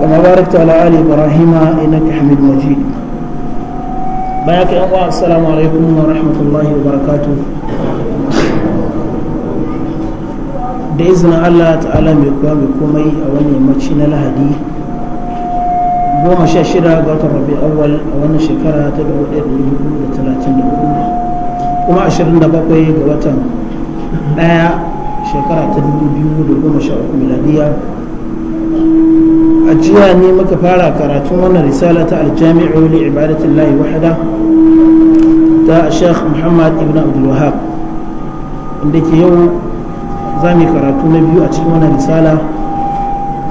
كما باركت على آل إبراهيم إنك حميد مجيد بارك الله السلام wa ورحمة wa وبركاته da izinin Allah ta'ala mai kuwa mai komai a wani yammaci na lahadi goma sha shida ga watan rabi awal a wannan shekara ta dubu ɗaya da dubu da talatin da hudu kuma ashirin da bakwai ga watan ɗaya shekara ta dubu biyu da goma sha uku miladiya a jiya ne muka fara karatun wannan risala ta aljami'u li ibadatillahi wahada ta Sheikh Muhammad ibn Abdul wahab inda ke yau za mu karatu na biyu a cikin wannan risala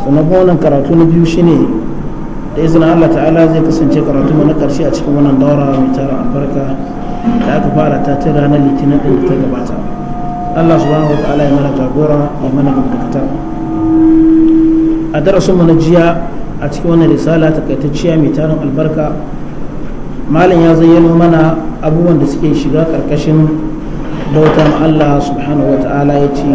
sannan kuma wannan karatu na biyu shine da izinin Allah ta'ala zai kasance karatu na karshe a cikin wannan daura mai tara albarka da aka fara ta ta ranar litinin din da ta gabata Allah subhanahu wa ta'ala ya mana jagora ya mana dukkan a darasin mu na jiya a cikin wannan risala takaitacciya mai tarin albarka malam ya zayyano mana abubuwan da suke shiga karkashin bautar Allah subhanahu wa ta'ala ya ce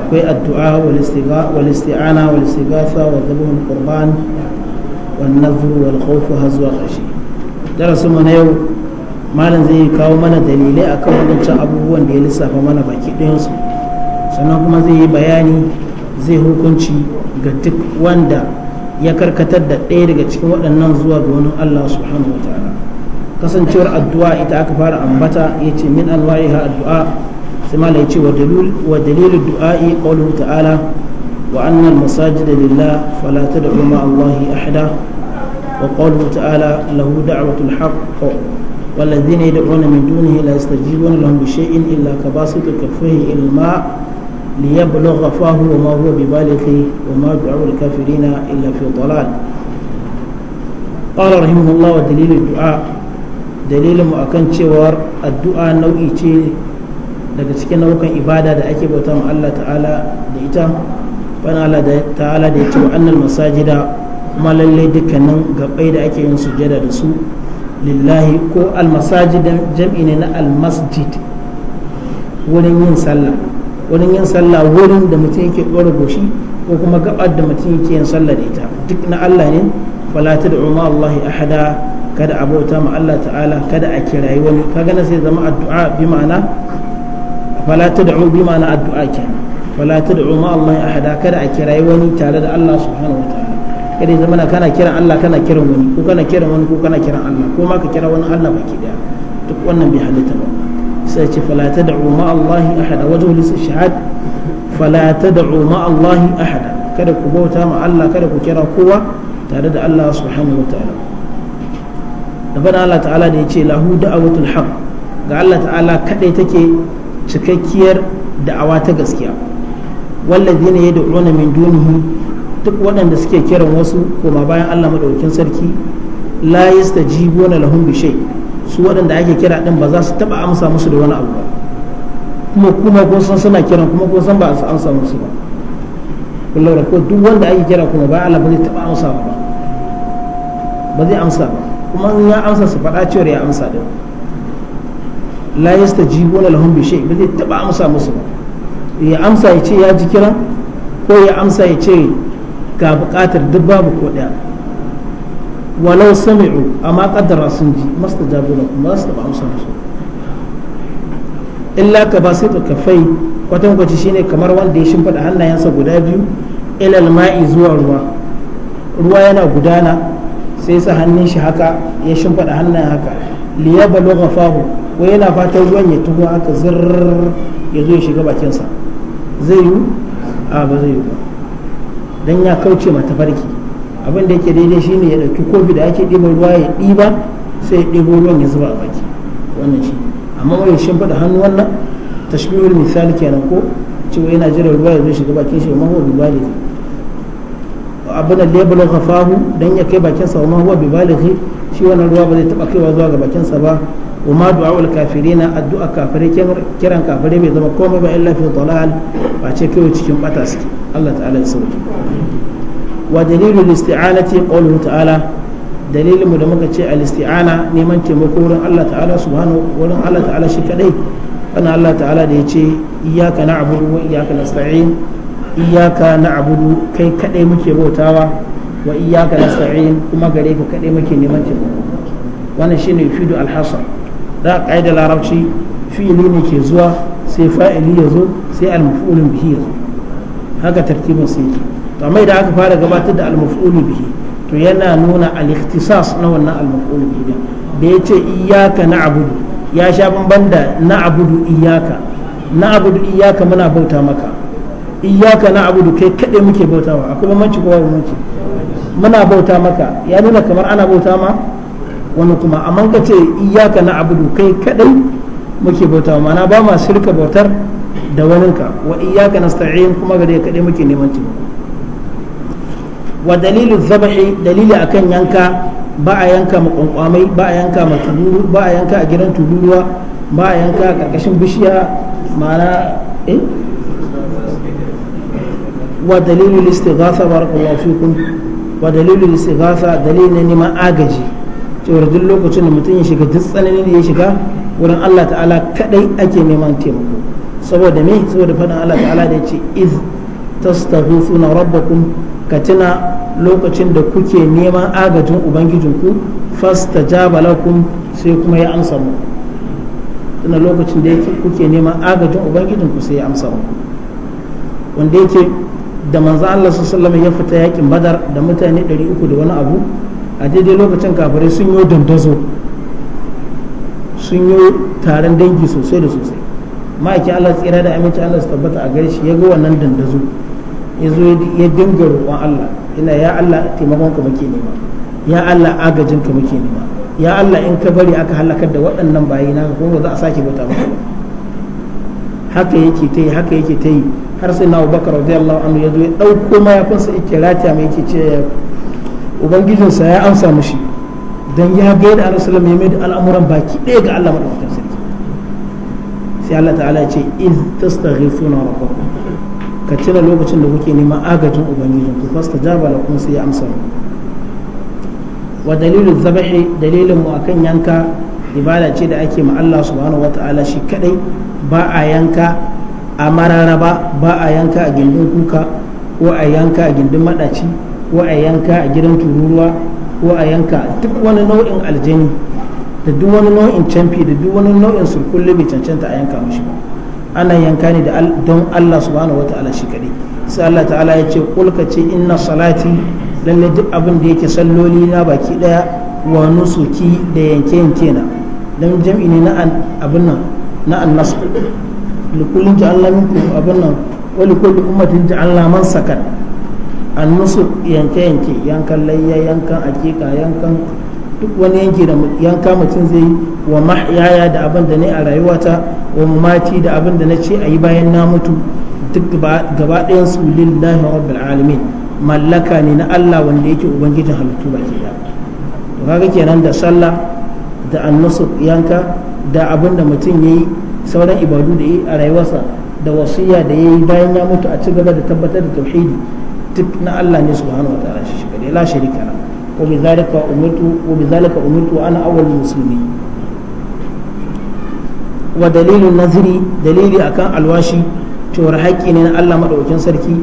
akwai addu'a wal isti'ana wal istighatha wa dhabhul qurban wan nadhru wal khawf har zuwa ƙarshe darasin mu na yau malam zai kawo mana dalilai akan wadancan abubuwan da ya lissafa mana baki ɗayansu sannan kuma zai yi bayani zai hukunci ga duk wanda ya karkatar da ɗaya daga cikin waɗannan zuwa ga wani Allah subhanahu wa ta'ala kasancewar addu'a ita aka fara ambata ya ce min ha addu'a sai mala ya ce wa dalilin du'a'i qawluhu ta'ala wa anna da masajid lillah fala tad'u ma Allah ahada wa qawluhu ta'ala lahu da haqq والذين يدعون من دونه wani يستجيبون لهم illa إلا كباسط كفيه إلى ilma. ليبلغ فاه وما هو ببالغه وما دعاء الكافرين إلا في ضلال قال رحمه الله ودليل الدعاء dalilin mu cewar addu'a nau'i ce daga cikin nau'ukan ibada da ake bauta wa Allah ta'ala da ita bana Allah ta'ala da ya wa annal masajida kuma lallai dukkanin gabai da ake yin sujada da su lillahi ko almasajid jam'i ne na almasjid wurin yin sallah wurin yin sallah wurin da mutum yake ɗora goshi ko kuma gabar da mutum yake yin sallah da ita duk na Allah ne fala tad'u ma Allah ahada kada a ma Allah ta'ala kada a kirayi wani kaga na sai zama addu'a bi ma'ana fala tad'u bi ma'ana addu'a kenan fala tad'u ma Allah ahada kada a kirayi wani tare da Allah subhanahu wa ta'ala kada zama kana kiran Allah kana kiran wani ko kana kiran wani ko kana kiran Allah ko ma ka kira wani Allah baki daya duk wannan bai halitta ba sai ce fala tad'u ma Allahi ahada ahada kada ku bauta ma Allah kada ku kira kowa tare da Allah subhanahu ta'ala da fada Allah ta'ala da yace lahu da'awatul haqq ga Allah ta'ala kadai take cikakkiyar da'awa ta gaskiya wallazina yad'una min dunihi duk waɗanda suke kiran wasu koma bayan Allah madaukakin sarki la yastajibuna lahum bi shay' su waɗanda ake kira ɗin ba za su taɓa amsa musu da wani abu ba kuma kuma kun san suna kiran kuma kun san ba su amsa musu ba kullum ko duk wanda ake kira kuma ba Allah ba zai taɓa amsa ba ba zai amsa ba kuma in ya amsa su faɗa cewar ya amsa din la yastajibu lahum bi shay ba zai taɓa amsa musu ba ya amsa ya ce ya ji kira ko ya amsa ya ce ga buƙatar duk babu ko ɗaya walau sami'u amma kaddara sun ji masta jabi na kuma su amsa musu illa ka ba sai ka fai kwatankwaci shine kamar wanda ya shimfada hannayensa guda biyu ilal ma'i zuwa ruwa ruwa yana gudana sai sa hannun shi haka ya shimfada hannayen haka liya balogha fahu wai yana fatan ruwan ya tuho haka zirr ya zo ya shiga bakinsa zai yi a ba zai yi ba don ya kauce mata farki abin da yake daidai shine ya dauki kofi da ake ɗiban ruwa ya ɗiba sai ya ɗibo ruwan ya zuba a baki wannan shi amma wai da hannu wannan tashbihul misali kenan ko cewa yana jiran ruwa ya zo shiga bakin shi amma bi balighi abin da ya bulaga dan ya kai bakin sa amma huwa bi balighi shi wannan ruwa ba zai taba kaiwa zuwa ga bakin sa ba wa ma du'aul kafirina addu'a kafire kiran kafire bai zama komai ba illa fi dalal ba ce kai cikin bata suke Allah ta'ala ya sauke wa dalilul isti'anati qawluhu ta'ala dalilin mu da muka ce al-isti'ana neman taimako wurin Allah ta'ala subhanahu wurin Allah ta'ala shi kadai wannan Allah ta'ala da ya ce iyyaka na'budu wa iyyaka nasta'in iyyaka na'budu kai kadai muke bautawa wa iyyaka nasta'in kuma gare ka kadai muke neman taimako wannan shine fidu al-hasr da kaida larabci fi'ili ne ke zuwa sai fa'ili ya zo sai al-maf'ulun bihi haka tartibin sai to amma idan aka fara gabatar da al-maf'ulu bihi to yana nuna al-ikhtisas na wannan al-maf'ulu bihi da iyaka na abudu ya sha bamban da iyaka na abudu iyaka muna bauta maka iyaka na abudu kai kade muke bautawa akwai bambanci ko bambanci muna bauta maka ya nuna kamar ana bauta ma wani kuma amma ka ce iyaka na abudu kai kadai muke bautawa mana ba ma shirka bautar da waninka wa iyyaka nasta'in kuma gare kadai muke neman taimako wa dalilin zabahi dalili akan yanka ba a yanka ma kwankwamai ba a yanka ma tuduru ba a yanka a gidan tuduruwa ba a yanka a karkashin bishiya ma'ana eh wa dalilin istighatha barakallahu fikum wa dalilin istighatha dalilin neman agaji cewar duk lokacin da mutum ya shiga duk tsananin da ya shiga wurin Allah ta'ala kadai ake neman taimako saboda me saboda faɗin Allah ta'ala da ya ce iz tastaghithuna rabbakum tuna. lokacin da kuke neman agajin ubangijinku fasta jaba kuma sai kuma ya amsa mu tana lokacin da kuke neman agajin ubangijinku sai ya amsa mu wanda yake da manzo Allah sallallahu ya fita yakin badar da mutane 300 da wani abu a daidai lokacin kafirai sun yi dandazo sun yi taron dangi sosai da sosai ma'aiki Allah tsira da aminci Allah su tabbata a gare shi ya ga wannan dandazo ya zo ya dinga roƙon Allah ina ya Allah taimakon muke nema ya Allah agajin ka muke nema ya Allah in ka bari aka halakar da waɗannan bayi na kuma za a sake bauta maka haka yake ta yi haka yake ta yi har sai na Abubakar radiyallahu anhu ya zo ya dauko mayafinsa yake rata mai yake ce ubangijinsa ya amsa mishi dan ya ga yadda Annabi sallallahu alaihi wasallam ya mai al'amuran baki ɗaya ga Allah madaukakin sarki sai Allah ta'ala ya ce in tastaghifuna rabbakum ka cire lokacin da kuke neman agajin ubangijin ku fasta jaba kuma sai ya amsa wa dalilin zabahi dalilin mu akan yanka ibada ce da ake ma Allah subhanahu wataala shi kadai ba a yanka a mararaba ba a yanka a gindin kuka ko a yanka a gindin madaci ko a yanka a gidan tururuwa ko a yanka duk wani nau'in aljani da duk wani nau'in camfi da duk wani nau'in sulkulle bai cancanta a yanka mashi ba ana yanka ne don Allah subhanahu wa ta'ala shi kaɗai sai Allah ta'ala ya ce kulka ce inna salati lalle duk abin da yake salloli na baki daya wa nusuki da yanke yanke na dan jam'i ne na abin nan na annas likullin ja'alna minkum abin nan wa li kulli ummatin ja'alna man sakat annusuk yanke yanke yankan layya yankan akika yankan duk wani yanki da yanka mutum zai yi wa mahyaya da abin da ne a rayuwata wa mamati da abin da na ce a yi bayan na mutu duk gaba ɗayan su lillahi wa alamin mallaka ne na Allah wanda yake ubangijin halittu baki da to kaga kenan da sallah da annusuk yanka da abin da mutum ya yi sauran ibadu da yi a rayuwarsa da wasiya da ya yayi bayan ya mutu a ci gaba da tabbatar da tauhidi duk na Allah ne subhanahu wa ta'ala shi kadai la sharika وبذلك أمرت وبذلك أمرت وأنا أول المسلمين ودليل النذر دليل أكان ne na Allah maɗaukin sarki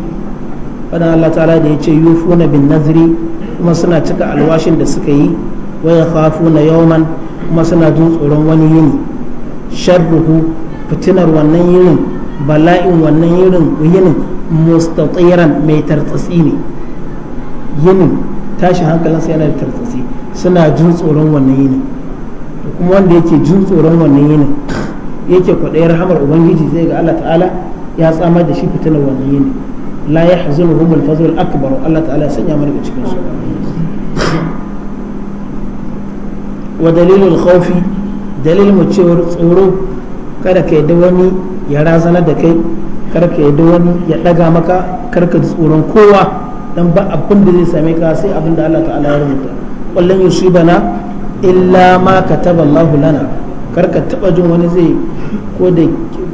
fadan Allah ta'ala da ya ce yufuna bin nazri kuma suna cika alwashin da suka yi wa yakhafuna yawman kuma suna jin tsoron wani yini sharruhu fitinar wannan yinin bala'in wannan yinin yinin mustatiran mai tartsatsi ne tashin hankalinsa yana da suna jin tsoron wannan yinin da kuma wanda yake jin tsoron wannan yinin yake kwaɗayi rahamar ubangiji zai ga Allah ta'ala ya tsamar da shi fitinar wannan yinin la ya hazinu humul fazul akbar Allah ta'ala ya sanya mana cikin su wa dalilul khawfi dalilin mu cewar tsoro kada ka yadda wani ya razana da kai kada ka yadda wani ya ɗaga maka karka tsoron kowa dan ba abin da zai same ka sai abin da Allah ta'ala ya rubuta wallan yusibana illa ma kataba Allah lana kar ka taba jin wani zai ko da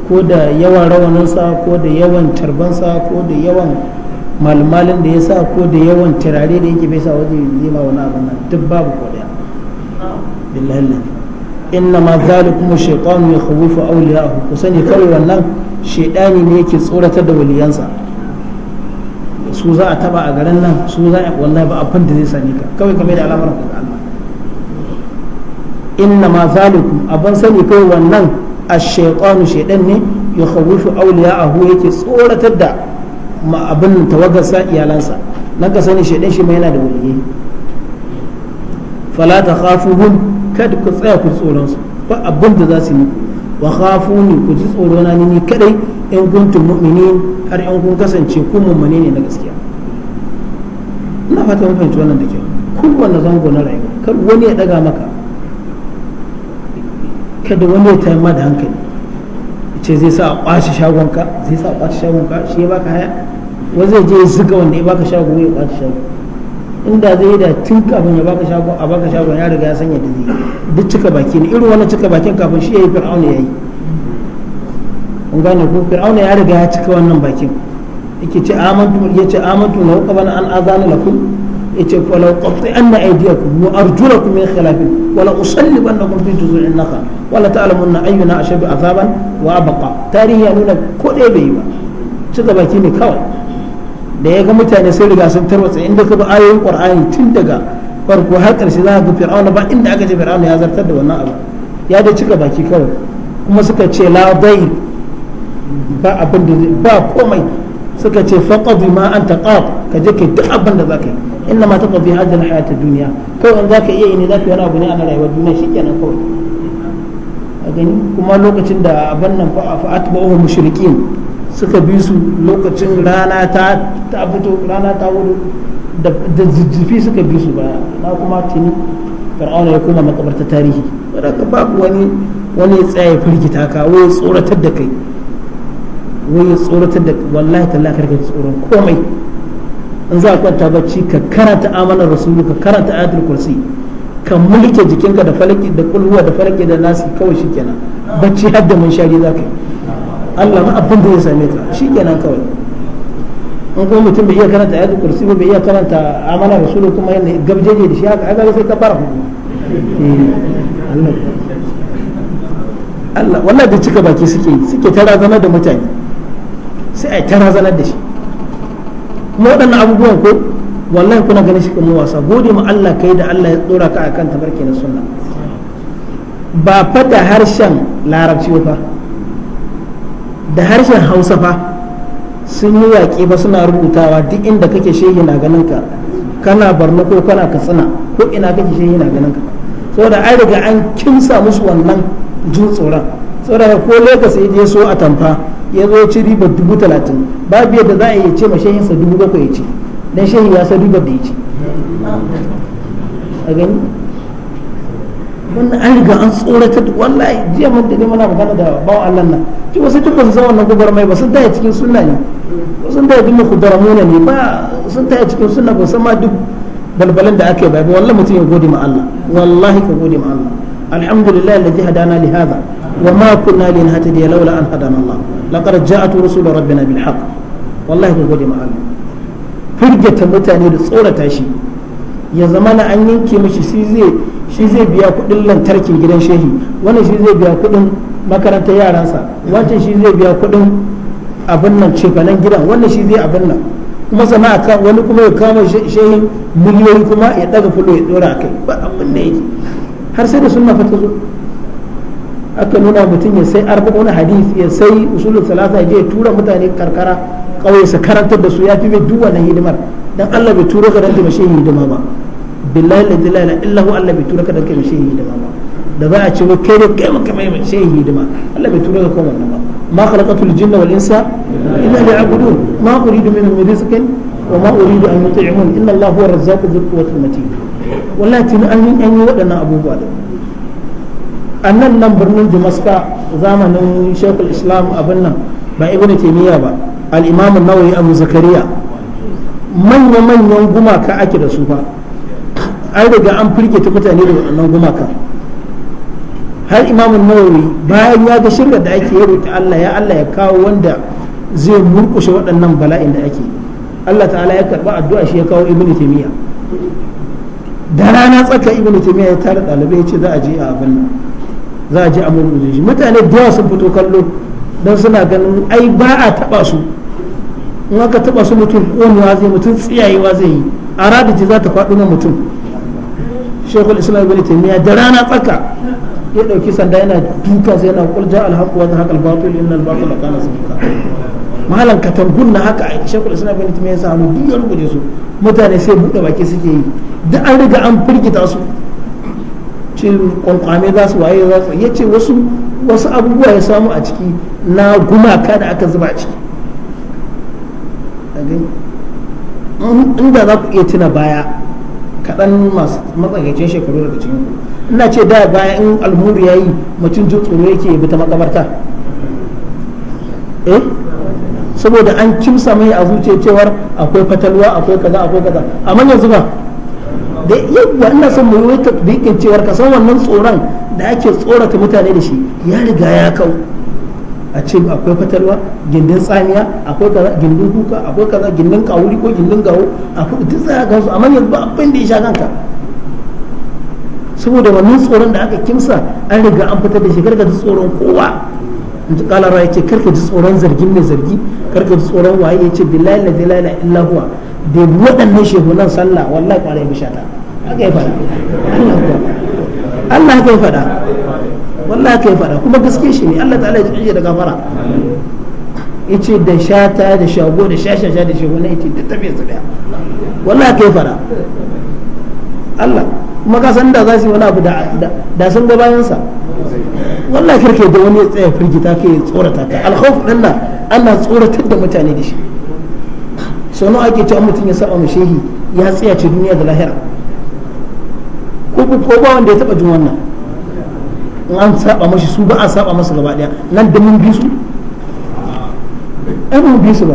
ko da yawan rawaninsa ko da yawan tarbansa ko da yawan malmalin da ya sa ko da yawan turare da yake bai sa waje zai ma wani abin nan duk babu ko da billahi inna ma zalikum shaytanu yakhawifu awliya'ahu kusani kai kawai wannan shaytani ne yake tsoratar da waliyansa su za a taba a garin nan su za a wallahi ba abin da zai sani ka kawai kamar da al'amuran ku Allah inna ma zalikum abin sani kai wannan ash-shaytanu shaydan ne ya khawufu awliya'ahu yake tsoratar da ma abin tawagarsa iyalansa nan ka sani shaydan shi ma yana da waliyyi fala takhafuhum kad ku tsaya ku tsoron su ba abin da za su yi wa khafuni ku ji tsoro na ni kadai in kuntum mu'minin har yan kun kasance kun mummune ne na gaskiya ina fata mun fahimci wannan da kyau kowanne zango na rayuwa kar wani ya daga maka kada wani ya tayar ma da hankali ce zai sa a shagon shagonka zai sa a kwace shagonka shi ya baka haya wani zai je ya zuga wanda ya baka shago ya kwace shago inda zai da tun kafin ya baka shago a baka shagon ya riga ya sanya da zai duk cika baki ne irin wannan cika bakin kafin shi ya yi fir'auna ya yi kun gane ko fir'auna ya riga ya cika wannan bakin yake ce amantu yace amantu law qabana an azana lakum yace fa law qati'anna aydiyakum wa arjulakum min khilaf wa la usallibannakum fi juzu'in nakhal wa la ta'lamunna ayyuna ashaddu azaban wa abqa tarihi ya nuna ko dai bai ba cika baki ne kawai da ya ga mutane sai riga sun tarwatsa inda ka ba ayoyin qur'ani tun daga farko har karshe za ka ga fir'auna ba inda aka ce fir'auna ya zartar da wannan abu ya da cika baki kawai kuma suka ce la ba abin da zai ba komai suka ce faqad ma anta qad ka je kai duk abin da zaka yi inna ma taqdi hadha alhayat ad-dunya kawai in zaka iya yi ne zaka yana abu ne a rayuwar duniya shikenan kawai a gani kuma lokacin da abin nan fa atba'u mushrikin suka bi su lokacin rana ta ta fito rana ta wudu da jijjifi suka bi su baya na kuma tuni fir'auna ya koma makabarta tarihi saboda babu wani wani tsaye firgita ka wai tsoratar da kai wai tsoratar da wallahi tallahi karka tsoron komai in za a kwanta bacci ka karanta amanar rasulu ka karanta ayatul kursi ka mulke jikinka da falaki da kulhuwa da falaki da nasi kawai shikenan bacci har da mun shari za ka yi Allah ma abin da ya same ka shikenan kawai in kuma mutum bai iya karanta ayatul kursi ba bai iya karanta amanar rasulu kuma yana gabjeje da shi haka aga sai ka fara hudu eh, Allah wallahi da cika baki suke suke tara zama da mutane sai a tara zanar da shi kuma waɗannan abubuwan ko wallahi kuna ganin shi kuma wasa gode ma Allah kai da Allah ya tsora ka akan tabarki na sunna ba fa da harshen larabci ba da harshen hausa fa sun yi yaƙi ba suna rubutawa duk inda kake shehi na ganin ka kana barna ko kana katsina ko ina kake shehi na ganin ka saboda an riga an kinsa musu wannan jin tsoron saboda ko lagos ya je so a tamfa ya zo ci riba dubu talatin babu yadda za a iya ce ma sa dubu bakwai ya ce dan shehi ya san ribar da ya ce a gani wannan an riga an tsoratar wallahi jiya mun dade muna magana da bawan Allah nan ci wasu duk basu san wannan gubar mai ba sun taya cikin sunna ne sun taya dinna kudaramuna ne ba sun taya cikin sunna ba san ma duk balbalan da ake bai ba wallahi mutum ya gode ma Allah wallahi ka gode ma Allah alhamdulillah alladhi hadana li hadha wa ma kunna linahtadiya laula an hadana Allah laqad ja'at rusul rabbina bil haqq wallahi ku gode ma Allah firgita mutane da tsorata shi ya zama na an yanke mishi shi zai shi zai biya kudin lantarkin gidan shehi wannan shi zai biya kudin makarantar yaransa wancan shi zai biya kudin abin nan cefanen gidan wannan shi zai abin nan kuma sana'a kan wani kuma ya kama shehi miliyoyi kuma ya daga fulo ya dora kai ba abin da har sai da sunna fa zo aka nuna mutum ya sai arba'un hadith ya sai usulul salasa je ya tura mutane karkara kauye sa karantar da su ya fi mai duk wannan hidimar dan Allah bai turo ka dan kai mashi hidima ba billahi la ilaha illa hu Allah bai turo ka dan kai mashi hidima ba da za a ce wai kai ne kai maka mai mashi hidima Allah bai turo ka kuma wannan ba ma khalaqatul jinna wal insa illa liya'budun ma uridu minhum min rizqin wa ma uridu an yut'imun inna Allah huwa ar-razzaqu dhul quwwati matin wallahi tun an yi waɗannan abubuwa da a nan nan birnin jimaska zamanin shekul Islam abin nan ba Ibn Taymiyyah ba al-Imam an-Nawawi Abu Zakariya manya manyan gumaka ake da su fa ai daga an firke ta mutane da wannan gumaka har Imam an bayan ya ga shirka da ake yi ta Allah ya Allah ya kawo wanda zai murkushe waɗannan bala'in da ake Allah ta'ala ya karba addu'a shi ya kawo Ibn Taymiyyah da rana tsaka Ibn Taymiyyah ya tara ɗalibai ya ce za a je a abin nan za a ji a murmuje shi mutane da yawa sun fito kallo don suna ganin ai ba a taba su in aka taba su mutum konewa zai mutum tsiyayewa zai yi a radace za ta faɗi mutum shekul islam ibn taymiya da rana tsaka ya dauki sanda yana duka sai yana kul ja al-haq wa zahaqa al-batil inna al-batila kana zahika malan katangun na haka shekul islam ibn taymiya ya sa hannu duk ya rubuce su mutane sai bude baki suke yi da an riga an firgita su ce kwamkwame za su waye za su ya ce wasu wasu abubuwa ya samu a ciki na gumaka da aka zuba ciki inda za ku iya tuna baya kaɗan masu matsakaicin shekaru daga cikin ku ina ce da baya in almuri ya yi mutum jin tsoro yake bi ta makabarta eh saboda an kimsa mai a zuciyar cewar akwai fatalwa akwai kaza akwai kaza amma yanzu ba da yawwa ina sun mai wata tabiqin cewar ka san wannan tsoron da ake tsorata mutane da shi ya riga ya kau a ce akwai fatalwa gindin tsamiya akwai kaza gindin kuka akwai kaza gindin kawuri ko gindin gawo akwai duk za ka su amma yanzu ba abin da ya sha kanka saboda wannan tsoron da aka kimsa an riga an fitar da shi karka ji tsoron kowa in ji kalara ya ce karka ji tsoron zargin mai zargi karka ji tsoron waye ya ce billahi la ilaha illa huwa da waɗannan shehunan sallah wallahi kwarai bishata haka ya faɗa Allah haka ya faɗa wallahi haka ya faɗa kuma gaske shi ne Allah ta'ala ya ji da gafara yace da shata da shago da shashasha da shehunan yace da tafiya su daya wallahi haka ya faɗa Allah kuma ka san da za su yi wani abu da sun ga bayansa wallahi karke da wani ya tsaya firgita ka ya tsorata ka alkhawf din nan Allah tsoratar da mutane da shi sau nawa ake cewa mutum ya saba mu shehi ya tsaya ce duniya da lahira ko ko ba wanda ya taba jin wannan in an saba mashi su ba a saba masa gaba daya nan da mun bi su ai mun bi su ba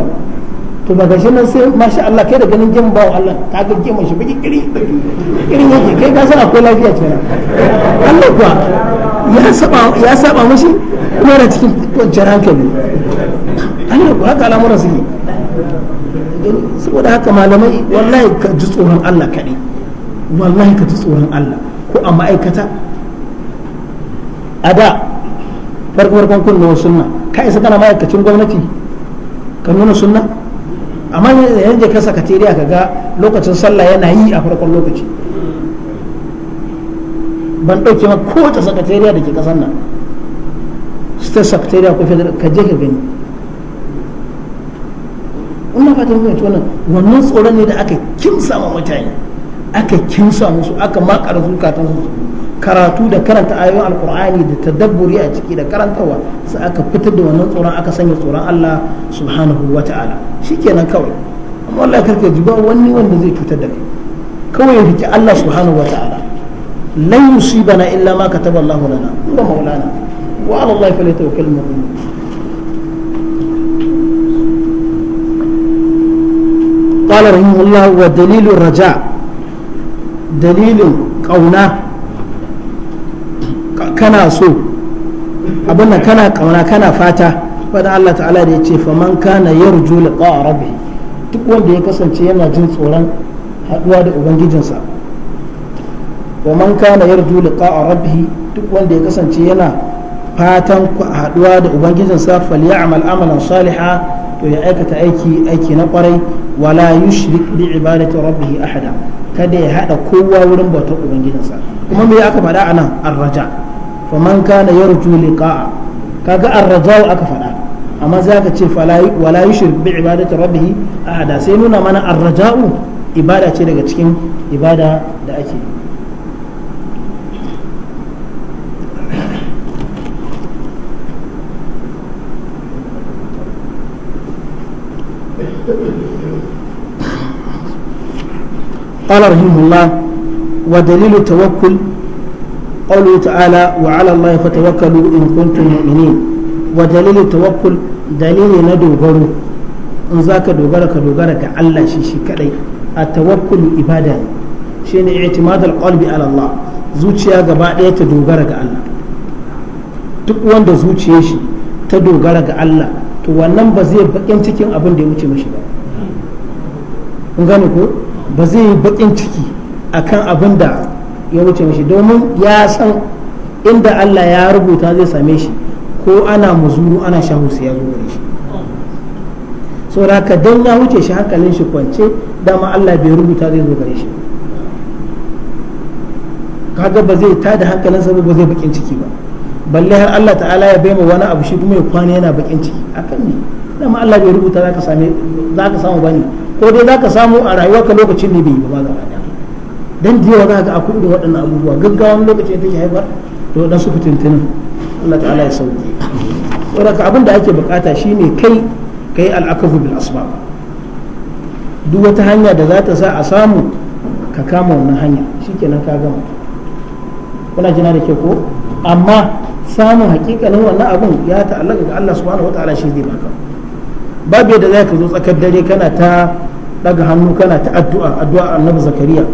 to ba gashi nan sai masha Allah kai da ganin jin bawo Allah ka ga gemun shi baki kiri kiri yake kai ka san akwai lafiya kenan Allah kuwa ya saba ya saba mashi kuma da cikin kwanciyar hankali Allah kuwa haka al'amuran ne saboda haka malamai wallahi ka ji tsoron Allah kaɗai wallahi ka ji tsoron Allah ko a ma'aikata a da farko farkon kunna sunna ka isa kana ma'aikacin gwamnati ka nuna sunna amma yanzu ka sakatariya ka ga lokacin sallah yana yi a farkon lokaci ban ɗauke ma kowace sakatariya da ke ƙasar nan state sakatariya ko federal ka je ka gani ina fatan fahimci wannan wannan tsoron ne da aka kimsa ma mutane aka kimsa musu aka makara zukatan su karatu da karanta ayoyin alkur'ani da tadabburi a ciki da karantarwa sai aka fitar da wannan tsoron aka sanya tsoron Allah subhanahu wata'ala shikenan kawai amma Allah karka ji ba wani wanda zai cutar da kai kawai rike Allah subhanahu wata'ala lan yusibana illa ma kataba Allah lana huwa maulana wa ala Allah falyatawakkalul mu'minun قال رحمه الله ودليل الرجاء دليل قونا كان سوء أبنا كان قونا كان فاتا فدع الله تعالى فمن كان يرجو لقاء ربه كسن تيانا جنس haɗuwa da ubangijinsa wa ya kasance yana fatan haɗuwa da ubangijinsa falyamal amalan saliha to ya aikata aiki na kwarai wala yushrik bi ibadati rabbih ahada kada ya hada kowa wurin bautar ubangijinsa kuma me aka faɗa anan arraja faman kana yarju liqa'a kaga arraja aka faɗa amma za ka ce wala yushrik bi ibadati rabbih ahada sai nuna mana arraja'u ibada ce daga cikin ibada da ake قال رحمه الله ودليل التوكل قوله تعالى وعلى الله فتوكلوا إن كنتم مؤمنين ودليل التوكل دليل ندوغرو إن ذاك دوغرك دوغرك على شيشي كلي التوكل إبادة شين اعتماد القلب على الله zuciya gaba ɗaya ta dogara ga Allah duk wanda zuciyar shi ta dogara ga Allah to wannan ba zai bakin cikin abin da ya wuce mashi ba kun gane ko ba zai yi bakin ciki akan abin da ya wuce mishi domin ya san inda Allah ya rubuta zai same shi ko ana muzuru ana shahu su ya zo gare shi saboda haka don ya wuce shi hankalin shi kwance dama Allah bai rubuta zai zo gare shi kaga ba zai tada hankalinsa ba zai bakin ciki ba balle har Allah ta'ala ya baima wani abu shi kuma ya kwana yana bakin ciki akan ne dama Allah bai rubuta zaka same zaka samu bane ko dai za ka samu a rayuwa ka lokacin ne bai yi ba gaba ɗaya dan da yawa za ka a irin waɗannan abubuwa gaggawan lokacin take haifar da waɗansu fitintunan Allah ta'ala ya sauke saboda abin da ake bukata shine kai kai al'akafu bil asbab duk wata hanya da za ta sa a samu ka kama wannan hanya shikenan ka gama kuna jina da ke ko amma samun hakikanin wannan abun ya ta'allaka ga Allah subhanahu ta'ala shi zai baka babu yadda za ka zo tsakar dare kana ta daga hannu kana ta addu'a addu'a annabi zakariya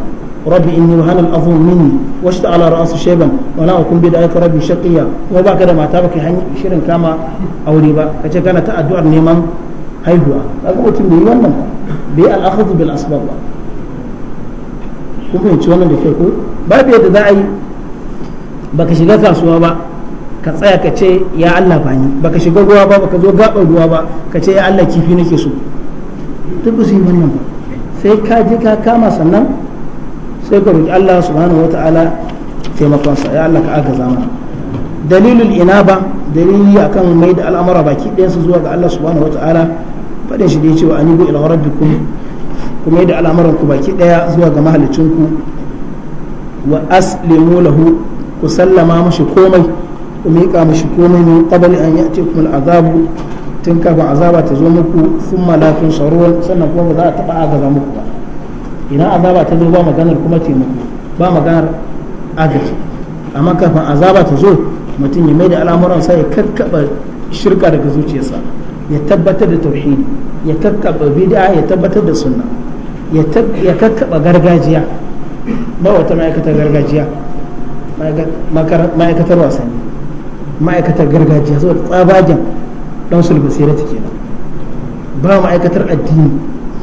rabbi inni wahana al'azmu minni washta ala ra'su shayban wa la akun bi da'ika rabbi shaqiya kuma baka da mata baka hanyar shirin kama aure ba kace kana ta addu'ar neman haihuwa kaga mutum bai wannan bai al'akhadhu bil asbab ba kun fahimci wannan da ke ko babu yadda za a yi baka shiga kasuwa ba ka tsaya ka ce ya Allah bani baka shiga ruwa ba baka zo gabar ruwa ba ka ce ya Allah kifi nake so duk su yi wannan sai ka je ka kama sannan sai ka roki Allah subhanahu wataala taimakon sa ya Allah ka agaza mana dalilul inaba dalili akan mai da al'amura baki ɗayan su zuwa ga Allah subhanahu wataala faɗin shi da ya ce wa anibu ila rabbikum kuma da al'amuran ku baki ɗaya zuwa ga mahallicin ku wa aslimu lahu ku sallama mashi komai ku miƙa mashi komai min qabli an ya'tikum al'azabu tun kafin azaba ta zo muku sun malatun saruwan sannan kuma ba za a taɓa agaza muku ba idan azaba ta zo ba maganar kuma taimako ba maganar agaji amma kafin azaba ta zo mutum ya mai da al'amuransa ya kakkaɓa shirka daga zuciyarsa ya tabbatar da tauhidi ya kakkaɓa bid'a ya tabbatar da sunna ya kakkaɓa gargajiya ba wata ma'aikatar gargajiya ma'aikatar wasanni ma'aikatar gargajiya saboda tsabagen dan sulhu basirati kenan ba ma'aikatar addini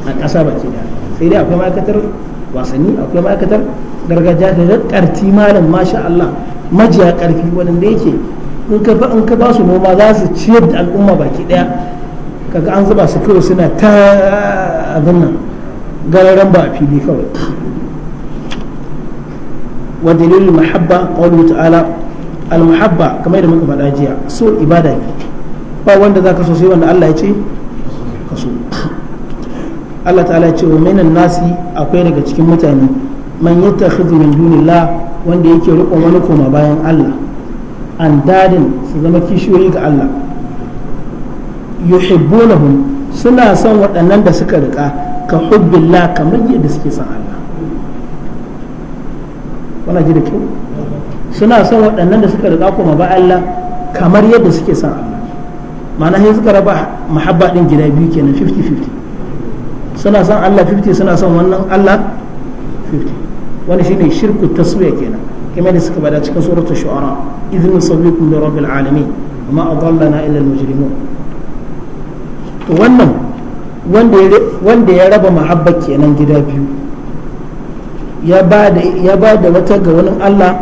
a ƙasa baki da sai dai akwai ma'aikatar wasanni akwai ma'aikatar gargajiya da karti malam masha Allah majiya karfi wanda yake in ka in ka ba su noma za su ciyar da al'umma baki daya kaga an zuba su kawai suna ta abin nan gararan ba a fili kawai wa dalilul mahabba qawluhu ta'ala al mahabba kamar da muka faɗa jiya so ibada ne ba wanda ka so sai wanda Allah ya ce ka so Allah ta'ala ya ce wa minan nasi akwai daga cikin mutane man khidu min dunillah wanda yake rikon wani koma bayan Allah an dadin su zama kishiyoyi ga Allah yuhibbunahum suna son waɗannan da suka rika ka hubbillah kamar yadda suke son Allah wannan ji da kyau suna son waɗannan da suka rika koma ba Allah kamar yadda suke son Allah ma'ana sai suka raba mahabba din gida biyu kenan 50-50 suna son Allah 50 suna son wannan Allah 50 wani shine shirku taswiya kenan kamar da suka bada cikin suratul shu'ara idhnu sabbikum bi rabbil alamin amma adallana illa al to wannan wanda ya raba mahabba kenan gida biyu ya ba da wata ga wani Allah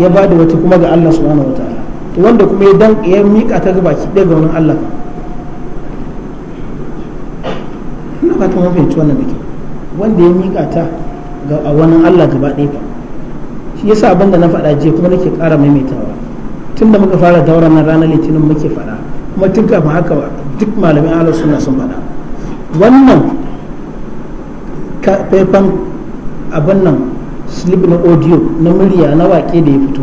ya ba da wata kuma ga Allah subhanahu wa wanda kuma ya dan ya mika ta ga baki ɗaya ga Allah ina ba ta mafi wannan da wanda ya mika ta ga a wani Allah gaba ɗaya ba shi yasa abinda da na faɗa jiya kuma nake ƙara maimaitawa tunda muka fara daura nan ranar litinin muke faɗa kuma tun kafin haka duk malamin Allah suna sun faɗa wannan faifan abin nan slip na audio na murya na waƙe da ya fito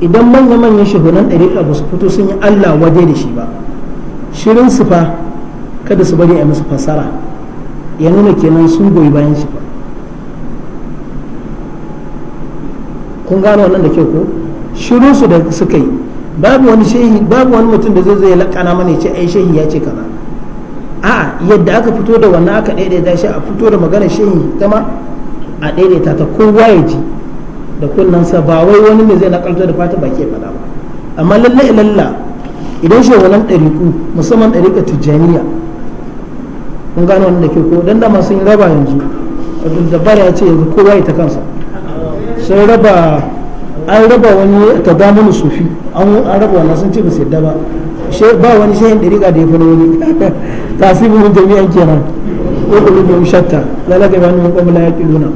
idan manya-manyan shahunan ɗariƙa ba su fito sun yi Allah waje da shi ba shirin su fa kada su bari a musu fasara ya nuna kenan sun goyi bayan shi ba kun gano wannan da kyau ko shirin su da suka yi babu wani shehi babu wani mutum da zai zai lakana mana ya ce ai shehi ya ce kaza a yadda aka fito da wannan aka daidaita shi a fito da magana shehi kama a daidaita ta kowa ya ji da sa ba wai wani ne zai nakalto da fata baki ke faɗa ba amma lalle ilalla idan shugabannin ɗariku musamman ɗariƙa tijjaniya kun gano wanda ke ko dan dama sun raba yanzu da dabbar ya ce yanzu kowa ya ta kansa sun raba an raba wani ta tadamun sufi an raba wannan sun ce ba sai yadda ba ba wani shehin ɗariƙa da ya fi wani tasibin jami'an kenan ko ƙulubin shatta lalaka ba ni mun ƙwamla ya ƙiluna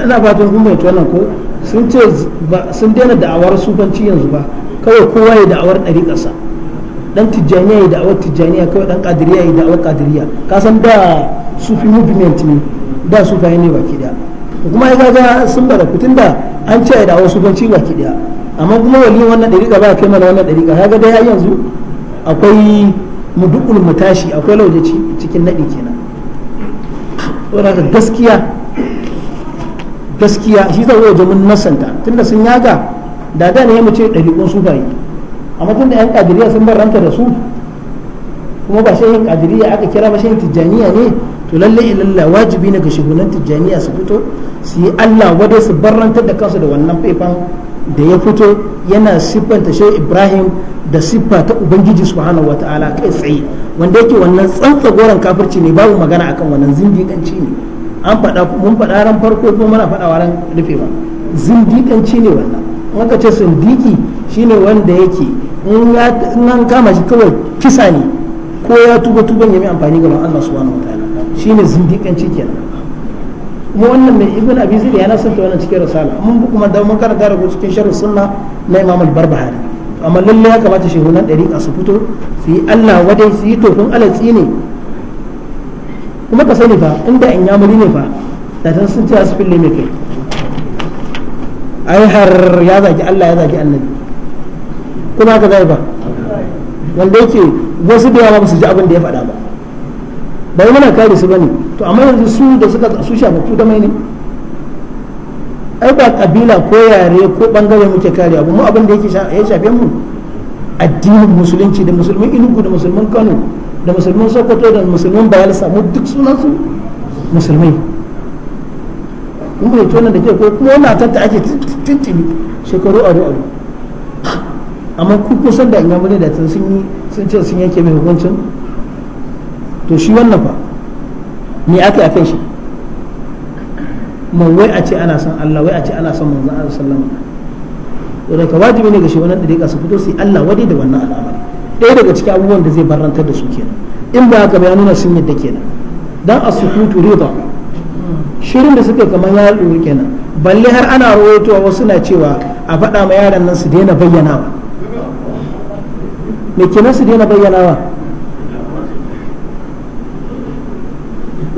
ina fatan kun ya wannan ko sun ce sun daina da'awar sufanci yanzu ba kawai kowa ya da'awar ɗariƙarsa dan tijjaniya ya da'awar tijjaniya kawai dan kadiriya ya da'awar kadiriya ka san da sufi movement ne da sufaye ne baki daya kuma ya gaza sun bada kutun da an ce ya da'awar sufanci baki daya amma kuma wali wannan ɗariƙa ba kai mana wannan ɗariƙa kaga dai yanzu akwai mudukul mutashi akwai lauje cikin naɗi kenan saboda gaskiya gaskiya shi zai waje domin nasanta tunda sun yaga da da ne mu ce ɗabi'un sufaye amma tunda yan kadiriya sun bar ranta da su kuma ba shehin kadiriya aka kira ba shehin tijjaniya ne to lalle ilalla wajibi ne ga shugunan tijjaniya su fito su yi Allah wadai su bar rantar da kansu da wannan faifan da ya fito yana siffanta shehu Ibrahim da siffa ta Ubangiji subhanahu wata'ala kai tsaye wanda yake wannan tsantsa goron kafirci ne babu magana akan wannan zindiƙanci ne an faɗa mun faɗa ran farko kuma muna faɗa ran rufe rufewa zindikanci ne wannan aka ce sindiki shine wanda yake in an kama shi kawai kisa ne ko ya tuba tuban ya mai amfani ga Allah subhanahu wataala shine zindikanci kenan kuma wannan mai ibn abi zaid ya ta wannan cikin risala mun kuma da mun karanta da cikin sharh sunna na imam al-barbahari amma lalle ya kamata shehunan dariqa su fito su yi Allah wadai su yi tofin alatsi ne kuma ka sani fa inda in muri ne fa da ta sun ce su fille mai kai ai har ya zaki Allah ya zaki annabi kuma ka zai ba wanda yake wasu da yawa ba su ji abin da ya faɗa ba bai muna kare su bane to amma yanzu su da suka su shafa ku da mai ne ai ba kabila ko yare ko bangare muke kare abu mu abin da yake ya shafe mu addinin musulunci da musulmin inugu da musulmin kano da musulmin sokoto da musulmin bayelsa mu duk sunan su musulmai in bai tona da ke ko kuma wannan tatta ake tintini shekaru a aru amma ku kusan da inga bane da tun sun yi sun ce sun yanke mai hukuncin to shi wannan fa me aka yi akan shi mun wai a ce ana son Allah wai a ce ana son manzon Allah sallallahu alaihi wasallam to da wajibi ne ga shi wannan dariƙa su fito su Allah wadi da wannan al'amari ɗaya daga cikin abubuwan da zai barantar da su kenan in ba haka ya nuna sun yadda kenan dan as-sukutu riba shirin da suka kamar ya dore kenan balle har ana rawaitowa wasu na cewa a faɗa ma yaran nan su daina bayyanawa me kenan su daina bayyanawa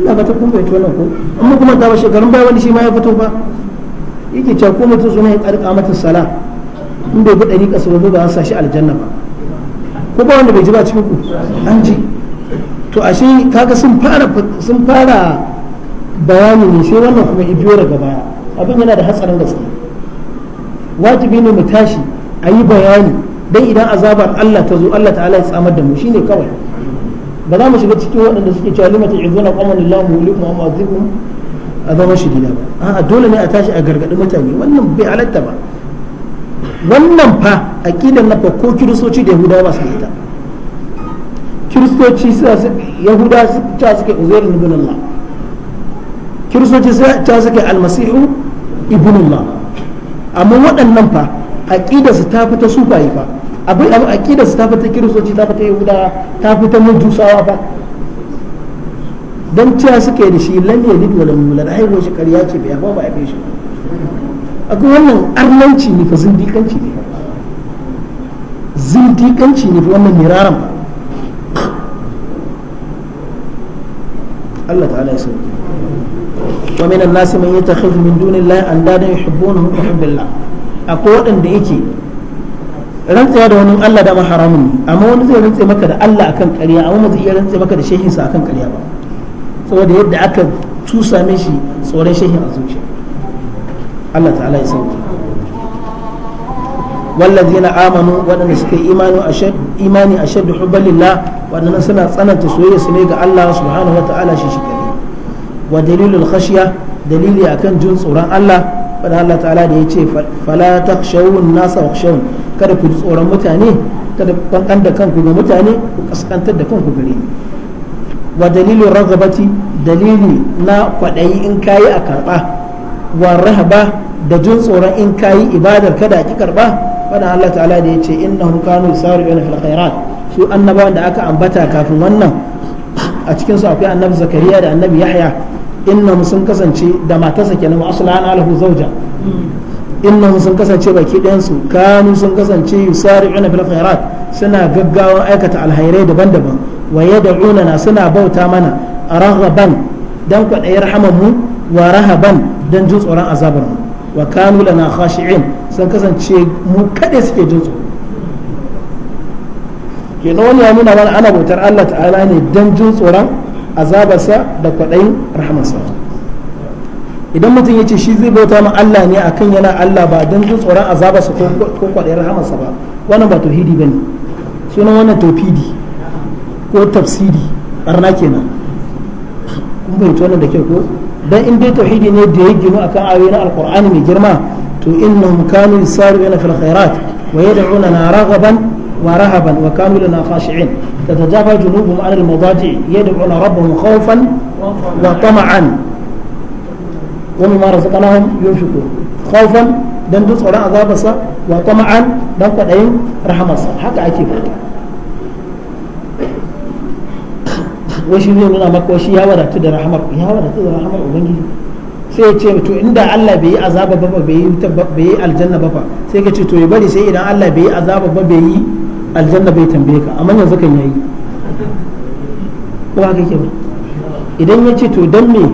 ina ba ta kun fahimci wannan ko amma kuma ta ba shekarun bai wani shi ma ya fito ba yake cewa ko mutum suna ya ƙarƙa mata sala in bai bi ɗari ƙasa ba ba za su shi aljanna ba ko ba wanda bai ji ba cikin ku an ji to ashe kaga sun fara sun fara bayani ne sai wannan kuma ibiyo daga baya abin yana da hatsarin gaske wajibi ne mu tashi a yi bayani dan idan azabar Allah ta zo Allah ta'ala ya tsamar da mu shine kawai ba za mu shiga cikin waɗanda suke cewa limata izuna qawman lillahi mulikum a mu'adhibum shi gida ba a'a dole ne a tashi a gargadi mutane wannan bai halatta ba wannan fa a aqidan na fa ko kiristoci da yahudawa su ita kiristoci yahuda ta suke uzairu ibn Allah kiristoci ta suke almasihu ibn Allah amma waɗannan fa a aqida su ta fita su yi fa abin abin aqida su ta fita kiristoci ta fita yahuda ta fita mujusawa fa dan cewa suke da shi lan yalid wa lam yulad shi ƙarya ce bai ba ba fi shi ba akwai wannan arnanci ne fa zindikanci ne zindikanci ne fa wannan miraran Allah ta'ala ya sauke wa minan nasi man yattakhidhu min an dunillahi andadan yuhibbunahum ka hubbillah akwai waɗanda yake rantsaya da wani Allah da ma haramun ne amma wani zai rantsa maka da Allah akan ƙarya amma wani zai iya rantsa maka da shehinsa akan ƙarya ba saboda yadda aka tusa mishi tsoron shehin a zuciya Allah ta'ala ya sauke wallazina amanu waɗanda suka yi imani ashad imani ashad hubban lillah waɗanda suna tsananta soyayya su ne ga Allah subhanahu wata'ala shi shi kare wa dalilul khashiya dalili akan jin tsoron Allah wanda Allah ta'ala da ya ce fala shawun nasa wa wakhshawun kada ku tsoron mutane kada ku kankan da kanku ga mutane ku kaskantar da kanku gare ni wa dalilul ragabati dalili na kwaɗayi in kayi a karɓa wa da jin tsoron in kayi ibadar kada ki karba wannan Allah ta'ala da yace innahum kanu yusari'una fil khairat su annabawan da aka ambata kafin wannan a cikin su akwai annabi zakariya da annabi yahya innahum sun kasance da matarsa kenan wa aslan alahu zawja innahum sun kasance baki ɗayan su kanu sun kasance yusari'una fil khairat suna gaggawan aikata alhairai daban-daban wa yad'una suna bauta mana raghaban dan kwaɗayi rahamanmu mu wa rahaban don jin tsoron azabar mu wa kanu lana khashi'in sun kasance mu kada suke jin tsoro kenan wani ya nuna mana ana bautar Allah ta'ala ne don jin tsoron azabarsa da kwaɗayin rahamarsa idan mutum ya ce shi zai bauta ma Allah ne akan yana Allah ba don jin tsoron azabarsa ko kwaɗayin rahamarsa ba wannan ba tauhidi bane sunan wannan tofidi ko tafsiri ɓarna kenan kun bai wannan da kyau ko dan in dai tauhidi ne da ya ginu akan ayoyi na alqur'ani mai girma to innahum kanu yusari'una fil khairat wa yad'unana raghaban wa rahaban wa kanu lana khashi'in tatajafa junubuhum 'ala al-madaji' yad'una rabbahum khawfan wa tama'an wa mimma razaqnahum yunfiqun khawfan dan dutsoran azabarsa wa tama'an dan kwadayin rahamarsa haka ake fata wasu zai nuna maka wasu ya wadatu da rahamar ya wadatu da rahamar ubangiji sai ya ce to inda Allah bai yi azaba ba bai yi aljanna ba sai ka ce to ya bari sai idan Allah bai yi azaba ba bai yi aljanna bai tambaye ka amma yanzu kan yayi ko kake ke ba idan ya ce to dan me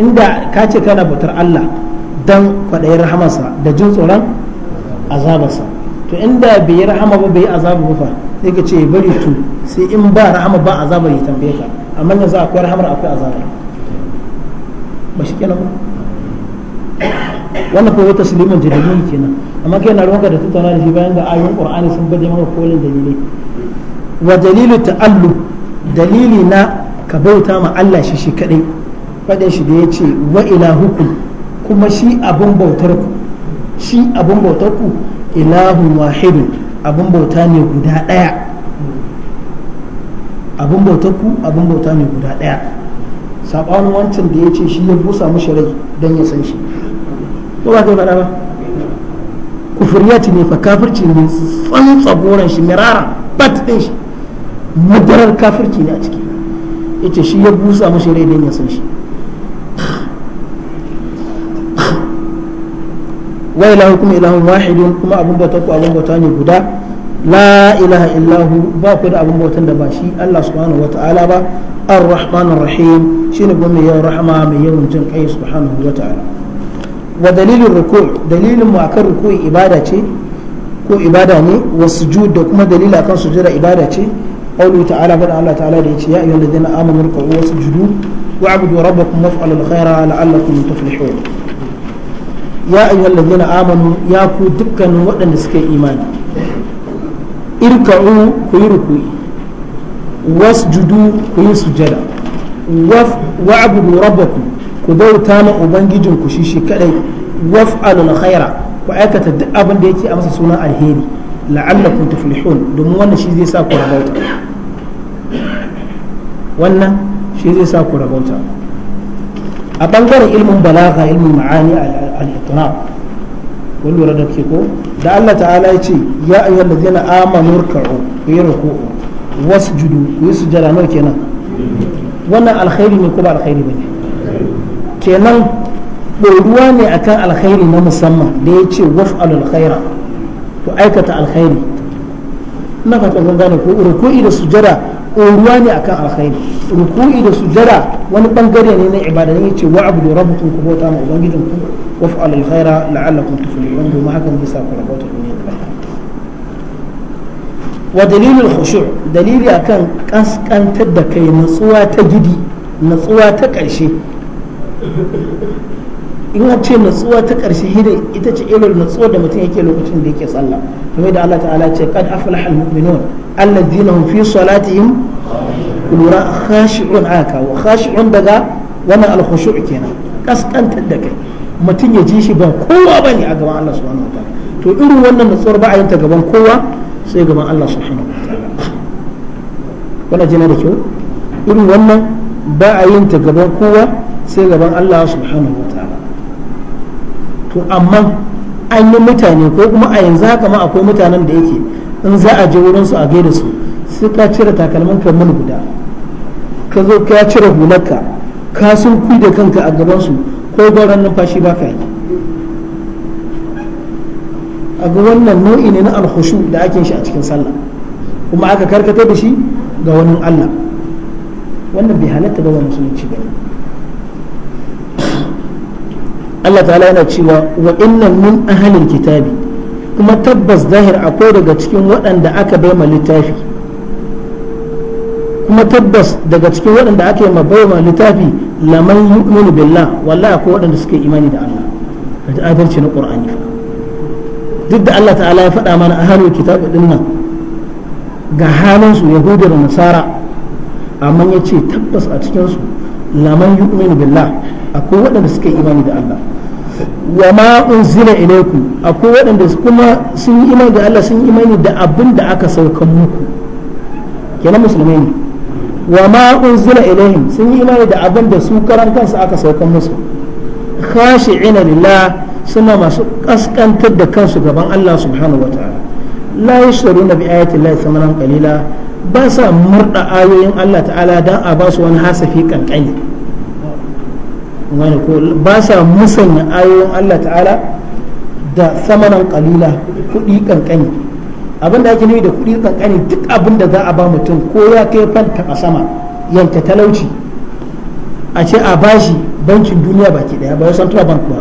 inda ka ce kana bautar Allah dan kwaɗayin rahamarsa da jin tsoron azabarsa to inda bai yi rahama ba bai yi azaba ba fa sai ka ce ya bari to sai in ba rahama ba azaba ya tambaye ka amma yanzu akwai rahamar akwai azaba ba shi kenan wannan ko wata da dalili kenan amma kai na ruwanka da tattauna da shi bayan ga ayoyin qur'ani sun bada maka kolin dalilai wa dalilu ta'allu dalili na ka bauta ma Allah shi shi kadai fadin shi da yace wa ilahukum kuma shi abun bautar ku shi abun bautar ku ilahun wahidun abun bauta ne guda daya abin bautakku ku abin bauta ne guda ɗaya saɓanin wancan da ya ce shi ya busa mishi rai don ya san shi ko ba ta faɗa ba kufuriyati ne fa kafirci ne tsantsa boran shi mirara bat ɗin shi madarar kafirci ne a ciki ce shi ya busa mishi rai don ya san shi wa ilahukum ilahun wahidun kuma abin bautakku ku abin bauta ne guda la ilaha illahu ba ku da abin bautan da ba shi Allah subhanahu wata'ala ba ar-rahman ar-rahim shine kuma mai yawan rahama mai yawan jin kai subhanahu wata'ala wa dalilin ruku' dalilin mu akan ruku'i ibada ce ko ibada ne da kuma dalili akan sujuda ibada ce qawlu ta'ala bada Allah ta'ala da yace ya ayyuhalladhina amanu rukuu wasjudu wa'budu rabbakum waf'alu al amanu ya ku dukkanin waɗanda suka yi imani irka'u ku yi ruku'i wasjudu ku yi sujada wa'budu rabbakum ku bauta ma ubangijin ku shi shi kadai waf'alul khaira ku aikata duk abin da yake a masa suna alheri la'allakum tuflihun domin wannan shi zai sa ku rabauta wannan shi zai sa ku rabauta a bangaren ilmin balaga ilmin ma'ani al-iqra kun lura da ke ko da Allah ta'ala ya ce ya ayyuhal ladina amanu ruk'u ku yi ruku'u wasjudu ku yi sujada nawa kenan wannan alkhairi ne ko ba alkhairi bane kenan ɗoruwa ne akan alkhairi na musamman da ya ce waf'al alkhaira ku aikata alkhairi na fata kun gane ko ruku'i da sujada ɗoruwa ne akan alkhairi ruku'i da sujada wani bangare ne na ibada ne ya ce wa'budu rabbukum ku bauta ma ubangijinku waf'al alkhaira la'allakum tuflihun domin hakan bisa ku rabauta duniya da lafiya wa dalilul khushu' dalili akan kaskantar da kai natsuwa ta gidi natsuwa ta ƙarshe in a ce natsuwa ta ƙarshe hidin ita ce irin natsuwa da mutum yake lokacin da yake sallah kamar da Allah ta'ala ce kad aflaha almu'minun alladhina hum fi salatihim lura khashi'un aka wa khashi'un daga wannan al kenan kaskantar da kai mutum ya ji shi ba kowa ba ne a gaban Allah wannan ta to irin wannan natsuwar ba a yin ta gaban kowa sai gaban Allah su wataala wannan jina da kyau irin wannan ba a yin ta gaban kowa sai gaban Allah subhanahu ta to amma an yi mutane ko kuma a yanzu haka ma akwai mutanen da yake in za a je wurin su a gaida su sai ka cire takalmin ka guda ka zo ka cire hularka ka sun da kanka a gaban su ko gwaron numfashi ba ka yi a ga wannan nau'i ne na alkhushu da ake shi a cikin sallah kuma aka karkata da shi ga wani Allah wannan bai halatta ba wa musulunci ba Allah ta'ala yana cewa wa innan min ahalin kitabi kuma tabbas zahir akwai daga cikin waɗanda aka bai ma littafi kuma tabbas daga cikin waɗanda aka yi bai ma littafi laman yu'minu billah wallahi akwai waɗanda suke imani da Allah ka adalci na Qur'ani fa duk da Allah ta'ala ya faɗa mana a harin kitabu din nan ga halin su yahudu da nasara amma ya ce tabbas a cikin su laman yu'minu billah akwai waɗanda suke imani da Allah wa ma unzila ilaykum akwai waɗanda kuma sun yi imani da Allah sun yi imani da abin da aka sauka muku kenan musulmai ne wa ma unzila ilaihim sun yi imani da abin da su karan kansu aka saukan musu khashi'ina lillah suna masu kaskantar da kansu gaban Allah subhanahu wataala la yashtaruna bi ayati llahi thamanan qalila ba sa murda ayoyin Allah ta'ala dan a ba su wani hasafi kankani ba sa musanya ayoyin Allah ta'ala da samanan kalila kudi kankani abinda ake nufi da kuɗi kankani duk abinda za a ba mutum ko ya kai fanta a sama yanka talauci a ce a bashi bankin duniya baki daya ba central bank ba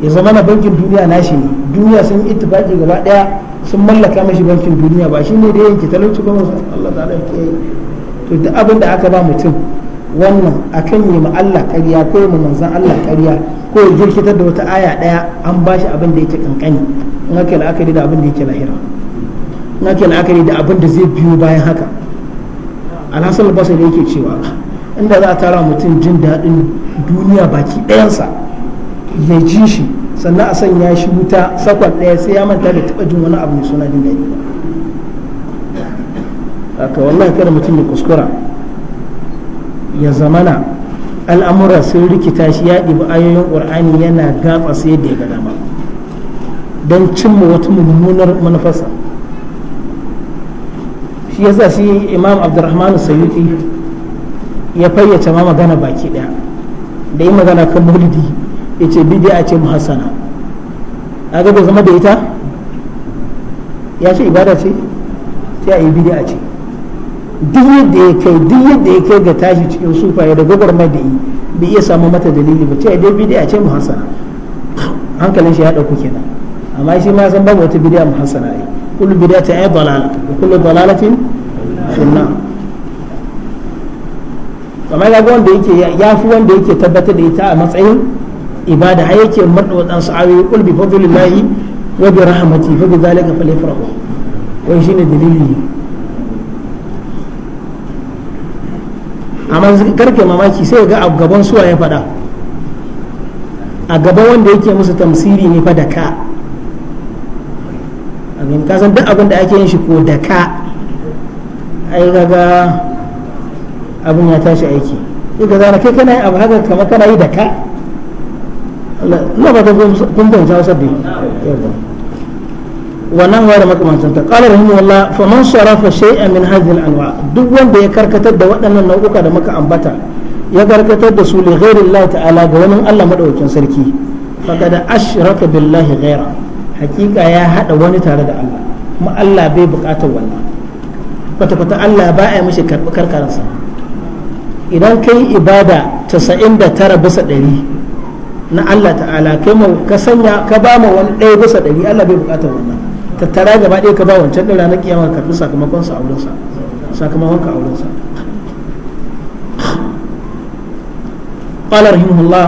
ya zama na bankin duniya nashi ne duniya sun baki gaba daya sun mallaka mashi bankin duniya ba shi ne da yanke talauci ba musu Allah da ke to duk abin da aka ba mutum wannan akan yi ma Allah kariya ko yi ma manzan Allah kariya ko ya jirkitar da wata aya daya an bashi abin da yake kankani in la'akari da abin da yake lahira in la'akari da abin da zai biyo bayan haka alhassan ne yake cewa inda za a tara mutum jin daɗin duniya baki ɗayansa ya ji shi sannan a sanya shi wuta sakon ɗaya sai ya manta da taɓa jin wani abu mai suna jin daɗi haka wallahi kada mutum ya kuskura ya zamana al'amura sun rikita shi ya ɗibi ayoyin ƙur'ani yana gatsa sai da ya ga dama don cimma wata mummunar manufarsa shi ya sa shi imam abdurrahman sayuti ya fayyace ma magana baki daya da yi magana kan mulidi ya ce a ce muhassana a ga zama da ita ya ce ibada ce sai a yi a ce duk yadda ya kai duk yadda ya kai ga tashi cikin sufaye da gwagwarmar da yi bai iya samu mata dalili ba ce a dai a ce muhassana hankalin shi ya ɗauku kenan amma shi ma san babu wata bidiya hasana ai kullu bidiyatin ay dalal wa kullu dalalatin sunna amma ga wanda yake ya fi wanda yake tabbatar da ita a matsayin ibada ai yake murda su ayoyi kul bi fadlillahi wa bi rahmati fa bi zalika falyafrahu wai shine dalili amma karke mamaki sai ga a gaban suwa ya fada a gaban wanda yake musu tamsiri ne fa da ka amin ka san duk abin da ake yin shi ko da ka ai gaga abin ya tashi aiki idan zana kai kana yin abu haka kamar kana yi da ka Allah ba ta kun ban jawo sabbi wannan ware makamantan ta qala rahimahullah fa man sarafa shay'an min hadhihi al-anwa duk wanda ya karkatar da waɗannan nau'uka da muka ambata ya karkatar da su li ghairi Allah ta'ala ga wani Allah madaukakin sarki faqad ashraka billahi ghaira hakika ya hada wani tare da Allah kuma Allah bai bukatar wannan kwata-kwata Allah ba a yi mishi karɓi karkaransa idan ka ibada tasa'in da tara bisa ɗari na Allah ta'ala kai mu ka sanya ka ba mu wani ɗaya bisa ɗari Allah bai bukatar wannan tattara gaba ɗaya ka ba wancan ɗin ranar kiyama karɓi sakamakon sa aurensa sakamakon ka aurensa قال رحمه الله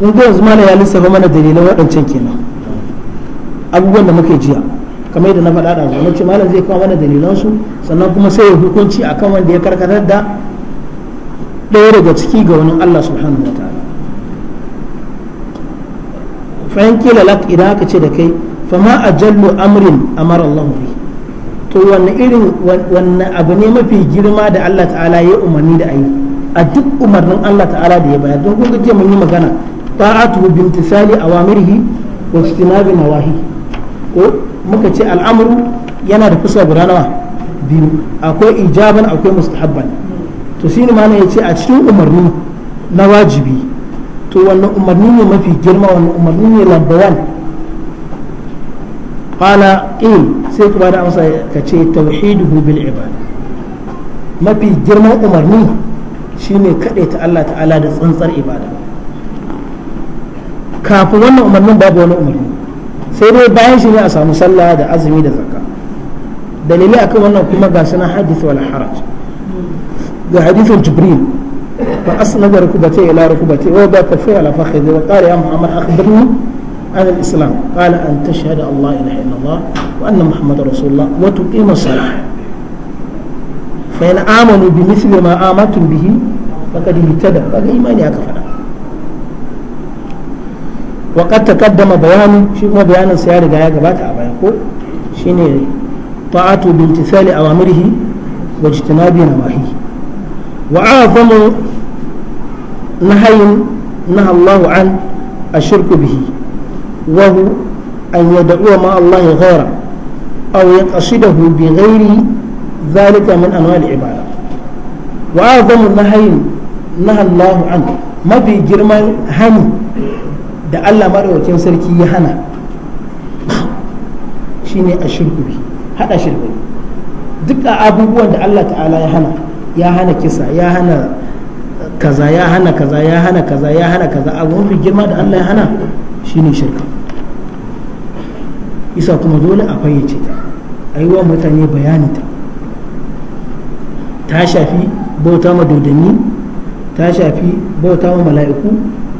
mun ga yanzu mana ya lissafa mana dalilan waɗancan kenan abubuwan da muka jiya kamar yadda na faɗa da zuwa ce malam zai kawo mana dalilan su sannan kuma sai ya hukunci a kan wanda ya karkatar da ɗaya daga ciki ga wani Allah subhanahu wa ta'ala fa'in kila lak idan aka ce da kai fama ajallu amrin amara Allah bi to wanne irin wanne abu ne mafi girma da Allah ta'ala ya umarni da ayi a duk umarnin Allah ta'ala da ya bayar don kun ga mun yi magana ta'atu bimtisali awamirihi wa ijtinabi nawahi ko muka ce al'amru yana da kusa guda nawa biyu akwai ijaban akwai mustahabban to shine ma ya ce a cikin umarni na wajibi to wannan umarni ne mafi girma wannan umarni ne lambawan qala qil sai ka bada amsa ka ce tauhiduhu bil ibad mafi girman umarni shine kadaita Allah ta'ala da tsantsar ibada kafin wannan umarnin babu wani umarni sai dai bayan shi ne a samu sallah da azumi da zakka dalilai akan wannan kuma ga suna hadith wal haraj ga hadithin jibril fa asnad rukbatay ila rukbatay wa ba kafi ala fakhidhi wa qala ya muhammad akhbirni عن الإسلام قال أن تشهد الله إله إلا الله وأن محمد رسول الله وتقيم الصلاة فإن آمنوا بمثل ما آمنتم به فقد اهتدوا هذا إيماني أكفر wa qad taqaddama bayanu shi kuma bayanin sa ya riga ya gabata a baya ko shine ta'atu bi imtithali awamirihi wa ijtinabi nawahi wa a'zamu nahayin naha Allahu an ashirku bihi wa hu an yad'u ma Allah ghayra aw yaqsidahu bi ghairi dhalika min anwa' mafi girman hani da Allah madaukakin sarki ya hana shine a shirkubi hada shirkubi duk a abubuwan da Allah ta'ala ya hana ya hana kisa ya hana kaza ya hana kaza ya hana kaza ya hana kaza abu mafi girma da Allah ya hana shine shirka isa kuma dole a fayyace ta a yi wa mutane bayani ta ta shafi bauta ma dodanni ta shafi bauta ma mala'iku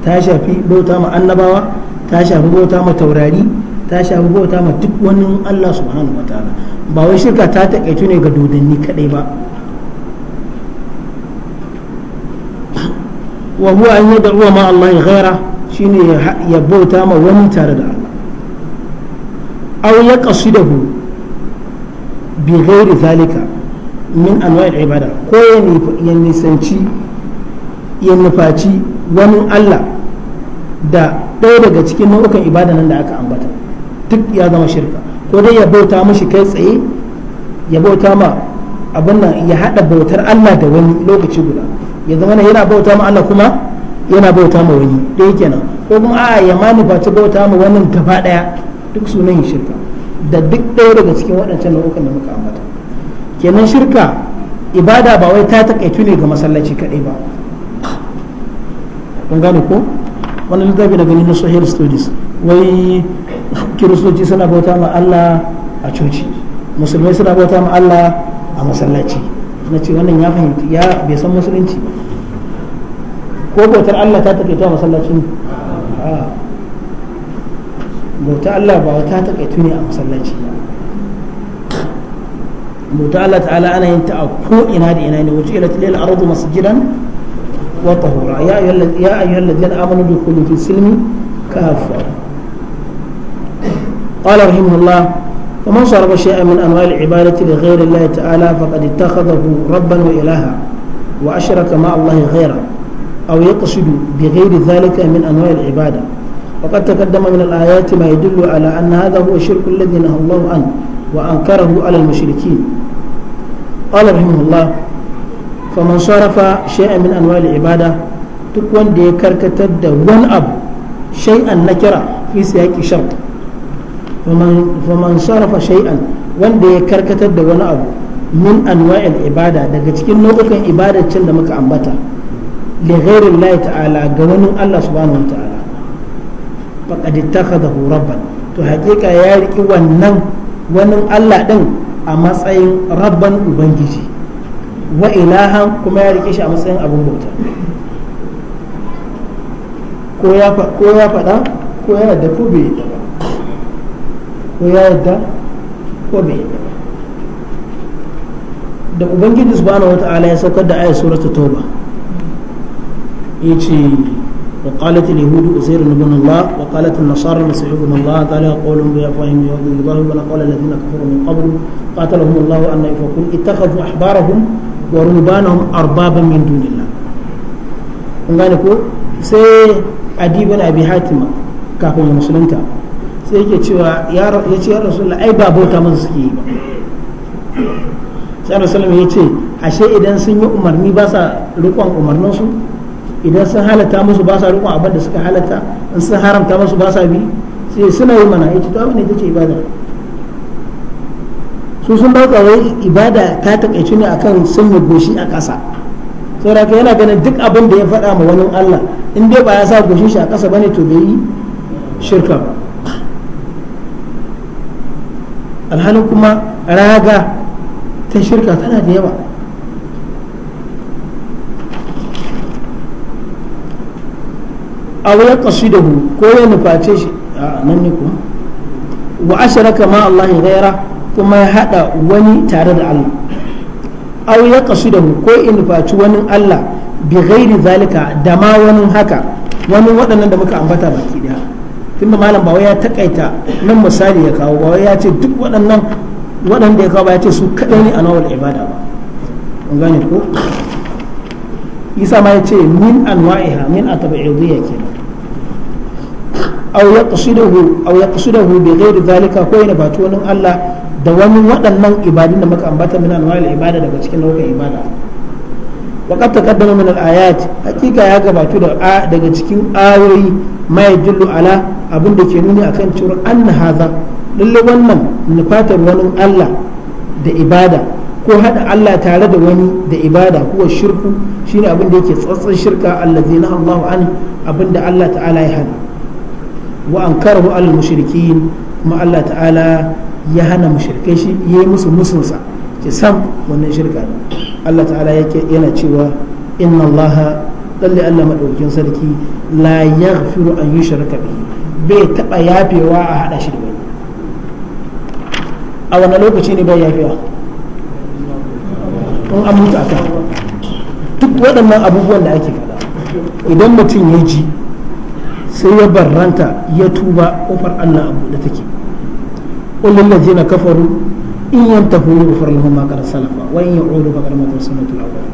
ta shafi bauta ma annabawa ta shafi bauta ma taurari ta shafi bauta ma duk wani Allah subhanahu wataala ba wai shirka ta takaitu ne ga dodanni kadai ba wa huwa an uwa ma Allah shi shine ya bauta ma wani tare da Allah aw yaqsidahu bi ghairi zalika min anwa'il ibada ko ya nisanci ya nufaci wani Allah da ɗaya daga cikin nau'ukan ibada nan da aka ambata duk ya zama shirka ko dai ya bauta mashi kai tsaye ya bauta ma abin nan ya haɗa bautar Allah da wani lokaci guda ya zama yana bauta ma Allah kuma yana bauta ma wani ɗaya kenan ko kuma a'a ya manufaci bauta ma wannan gaba ɗaya duk sunan shirka da duk ɗaya daga cikin waɗancan nau'ukan da muka ambata kenan shirka ibada ba wai ta taƙaitu ne ga masallaci kaɗai ba kun gane ko wani littafi daga gani na social studies wai kiristoci suna bauta ma Allah a coci musulmai suna bauta ma Allah a masallaci na ce wannan ya fahimci ya bai san musulunci ko bautar Allah ta takaita a masallaci ne bauta Allah ba ta takaitu ne a masallaci bauta Allah ta'ala ana yin ta a ko ina da ina ne ila ilatilil ardu masjidan وطهورا يا أيها الذين آمنوا دخلوا في السلم كافة قال رحمه الله ومن صرف شيئا من أنواع العبادة لغير الله تعالى فقد اتخذه ربا وإلها وأشرك مع الله غيره أو يقصد بغير ذلك من أنواع العبادة وقد تقدم من الآيات ما يدل على أن هذا هو الشرك الذي نهى الله عنه وأنكره على المشركين قال رحمه الله faman sarafa shay'an min anwali ibada duk wanda ya karkatar da wani abu shay'an na kira fi siyaqi shart faman sarafa shay'an wanda ya karkatar da wani abu min anwa'il ibada daga cikin nau'ukan ibadacin da muka ambata li ghairi Allah ta'ala ga wani Allah subhanahu wa ta'ala faqad ittakhadahu rabban to haƙiƙa ya riki wannan wani Allah din a matsayin rabban ubangiji wa ilahan kuma ya rike shi a matsayin abin bauta ko ya faɗa ko ya yadda ko bai yadda ba ko ya yadda ko bai yadda ba da ubangiji subhanahu wata'ala ya saukar da ayat suratul tauba yace وقالت اليهود أزير ابن nasara وقالت النصارى المسيح ابن الله ذلك قولهم بأفواههم يهود ظاهر ولا قال الذين كفروا من قبل قاتلهم الله أن يفكون اتخذوا أحبارهم wa rubanahum arbaban min dunillah kun gane ko sai adiban bi hatima kafin ya musulunta sai yake cewa ya ce ya rasulullah ai ba bauta masa suke yi ba sai rasulullah ya ce ashe idan sun yi umarni ba sa umarninsu idan sun halatta musu ba sa rikon abin da suka halatta in sun haramta musu ba sa bi sai suna yi mana ita ta wani ita ce ibada su sun dauka wai ibada ta takaici ne akan sanya goshi a ƙasa saboda ka yana ganin duk abin da ya faɗa ma wani Allah in dai ba ya sa goshi shi a ƙasa ne to bai yi shirka ba alhalin kuma raga ta shirka tana da yawa wuya ya da ko ya nuface shi a nan ne kuma wa ashraka ma Allah gaira kuma ya haɗa wani tare da Allah au ya kasu da ko in nufaci wani Allah bi gairi zalika da ma wani haka wani waɗannan da muka ambata baki tun tunda malam ba ya takaita nan misali ya kawo ba ya ce duk waɗannan waɗanda ya kawo ba ya ce su kaɗai ne a nawar ibada ba kun gane ko isa ma ya ce min anwa'iha min atabi'idiyya kenan aw yaqsiduhu aw yaqsiduhu bi ghairi zalika ko yana batu wani Allah da wani waɗannan ibadun da muka ambata min anwar ibada daga cikin nau'ukan ibada wa qad taqaddama min al-ayat hakika ya gabatu da daga cikin ayoyi ma yadullu ala abin da ke nuni akan cewa anna hadha lalle wannan nufatar wani Allah da ibada ko hada Allah tare da wani da ibada ko shirku shine abin da yake tsatsan shirka allazina Allahu an abin da Allah ta'ala ya hana wa ankarahu al-mushrikin kuma Allah ta'ala ya hana mushrikai shi yayi musu musunsa ce sam wannan shirka Allah ta'ala yake yana cewa inna Allah lalle Allah madaukakin sarki la yaghfiru an yushraka bihi bai taba yafewa a hada shi da a wani lokaci ne bai yafewa in an mutu aka duk waɗannan abubuwan da ake faɗa idan mutum ya ji sai ya barranta ya tuba kofar Allah abu da take qul lil ladzina kafaru in yantahu yughfar lahum ma qad salafa wa in yu'udu faqad matat sunnatul awwal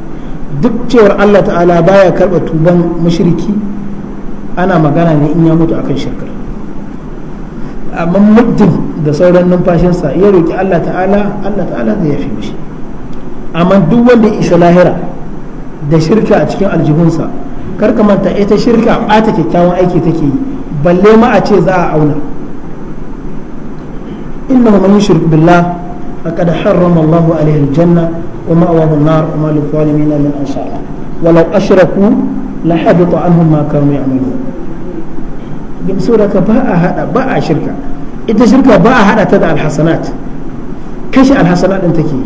duk cewar Allah ta'ala baya karɓa tuban mashiriki ana magana ne in ya mutu akan shirkar amma muddin da sauran numfashinsa ya roki Allah ta'ala Allah ta'ala zai yafi mishi amma duk wanda ya isa lahira da shirka a cikin aljihunsa kar ka manta ita shirka ɓata kyakkyawan aiki take yi balle ma a ce za a auna إنه من يشرك بالله فقد حرم الله عليه الجنة ومأواه النار وما للظالمين من أنصار ولو أشركوا لحبط عنهم ما كانوا يعملون بسورة باء هذا باء شركة إذا شركة باء هذا تدع الحسنات كش الحسنات أنت كي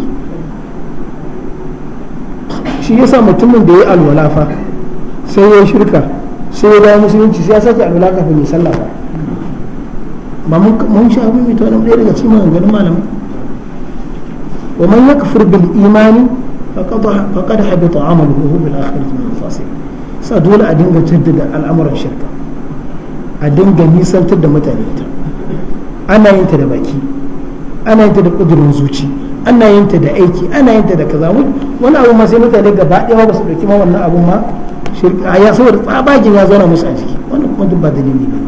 shi yasa mutumin da ya alwala fa sai ya shirka sai ya dawo musulunci sai ya sake alwala kafin ya sallah ba mun sha abin mai tawanin ɗaya daga cikin maganganun malamai wa man yakfur bil imani kada habita amaluhu wa bil akhirati min al-khasir sa dole a dinga jaddada al'amuran shirka a dinga nisantar da mutane ta ana yin ta da baki ana yin ta da kudurin zuci ana yin ta da aiki ana yin ta da kaza wani abu ma sai mutane gaba ɗaya ba su ɗauki ma wannan abun ma shirka ya saboda tsabagen ya zauna musu a ciki wannan kuma duk ba dalili ba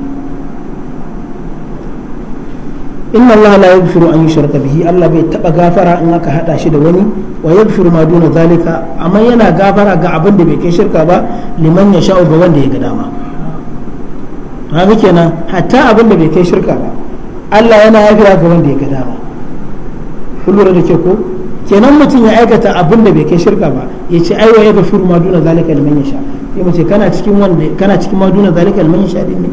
inna allaha la yaghfiru an yushraka bihi Allah bai taba gafara in aka hada shi da wani wa yaghfiru ma duna zalika amma yana gafara ga abin da bai kai shirka ba liman yasha'u ga wanda ya ga dama haka nan hatta abin da bai kai shirka ba Allah yana yafira ga wanda ya ga dama kun lura da ke ko kenan mutum ya aikata abin da bai kai shirka ba ya ce ai wa yaghfiru ma duna zalika liman yasha'u sha sai mu ce kana cikin wanda kana cikin ma duna zalika liman yasha'u sha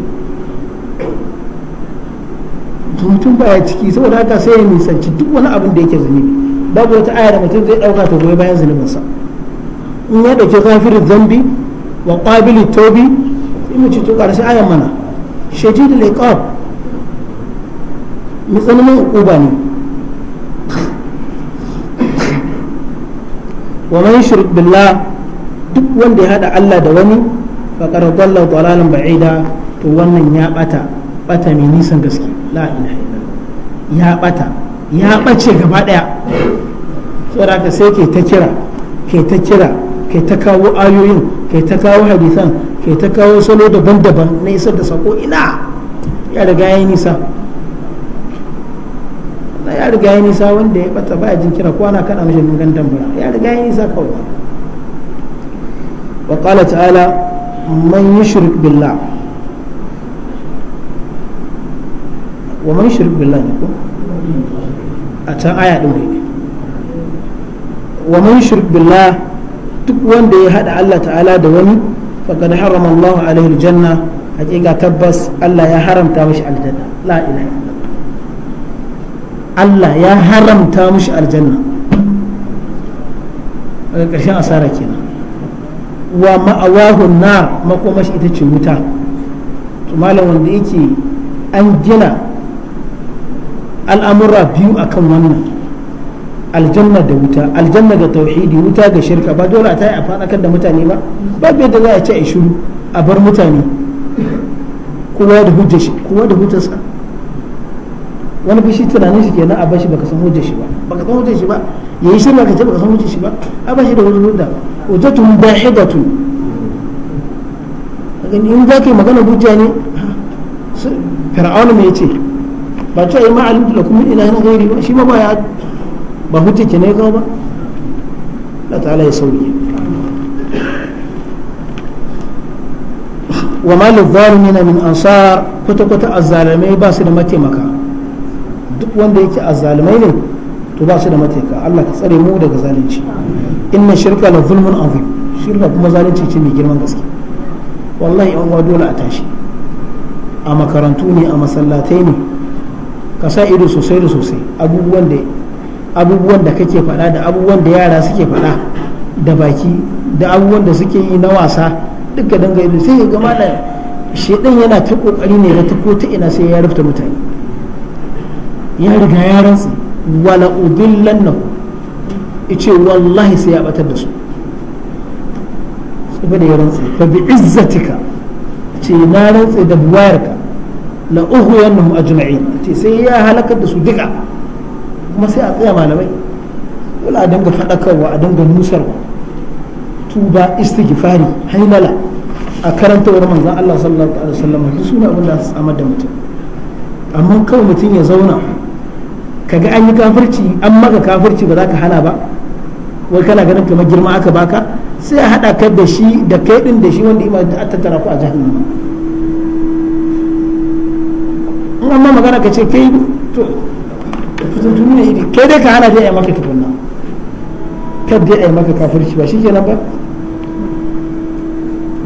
tutun baya ciki saboda haka sai ya nisanci duk wani abin da yake zunubi babu wata aya da mutum zai dauka ta goyi bayan zunubinsa in ya dauki kafirin zambi wa qabili tobi sai mu ci to karshe ayan mana shadidul iqab mu tsananin uquba ne wa man yushrik billah duk wanda ya hada Allah da wani faqad dalla dalalan ba'ida to wannan ya bata bata mai nisan gaske la ilaha ya bata ya bace gaba daya saboda ka sai ke ta kira ke ta kira ke ta kawo ayoyin ke ta kawo hadisan ke ta kawo salo daban-daban na isar da sako ina ya riga ya nisa na ya riga ya nisa wanda ya bata baya jin kira kwana kana mashi gangan dambara ya riga ya nisa kawai wa qala ta'ala man yushrik billah wa man shirik billahi ne ko a can aya din ne wa man shirik billahi duk wanda ya hada Allah ta'ala da wani faqad harrama Allah alaihi aljanna hakika tabbas Allah ya haramta mishi aljanna la ilaha illallah Allah ya haramta mishi aljanna daga ƙarshen asara kenan wa ma'awahun na makomashi ita ce wuta malam wanda yake an gina al'amura biyu a kan wannan aljanna da wuta aljanna ga tauhidi wuta ga shirka ba dole a ta yi a faɗakar da mutane ba babu yadda za a ce a shiru a bar mutane kowa da hujjar shi kowa da hujjar sa wani bishi tunanin shi kenan a bar baka san hujjar shi ba baka san hujjar shi ba yayi shirka ka ce baka san hujjar shi ba a bar shi da wani hujja hujjatun bahidatu in za ka yi magana hujja ne fir'auna me ce. ba ta yi ma'alim da kuma ila na gairi ba shi ma ba ya ba hujja ke ne ba Allah ta'ala ya sauke wa ma lidhalimina min ansar kwata kwata a azzalimai ba su da mataimaka duk wanda yake a azzalimai ne to ba su da mataimaka Allah ka tsare mu daga zalunci inna shirka la zulmun azim shirka kuma zalunci ce mai girman gaske wallahi an wa dole a tashi a makarantu ne a masallatai ne ka sa ido sosai da sosai abubuwan da kake faɗa da abubuwan da yara suke faɗa da baki da abubuwan da suke yi na wasa duka danga ido sai ga malam shedan yana ta kokari ne da ta ko ina sai ya rufta mutane ya riga ya rantsi wala nan yace wallahi sai ya batar da su da ya rantsi fa bi izzatika ce na rantsi da buwayarka la ughwiyannahum ajma'in ce sai ya halakar da su duka kuma sai a tsaya malamai wala a dinga fadakarwa a dinga nusarwa tuba istighfari hailala a karantawar manzon Allah sallallahu alaihi wasallam duk suna abin da su tsamar da mutum amma kawai mutum ya zauna kaga an yi kafirci an maka kafirci ba za ka hana ba wai kana ganin kamar girma aka baka sai a haɗa kai da shi da kai ɗin da shi wanda ima da tattara ku a jahannama in amma magana ka ce kai to ne kai dai ka hana dai a maka tukunna kar dai a yi maka kafirci ba shi kenan ba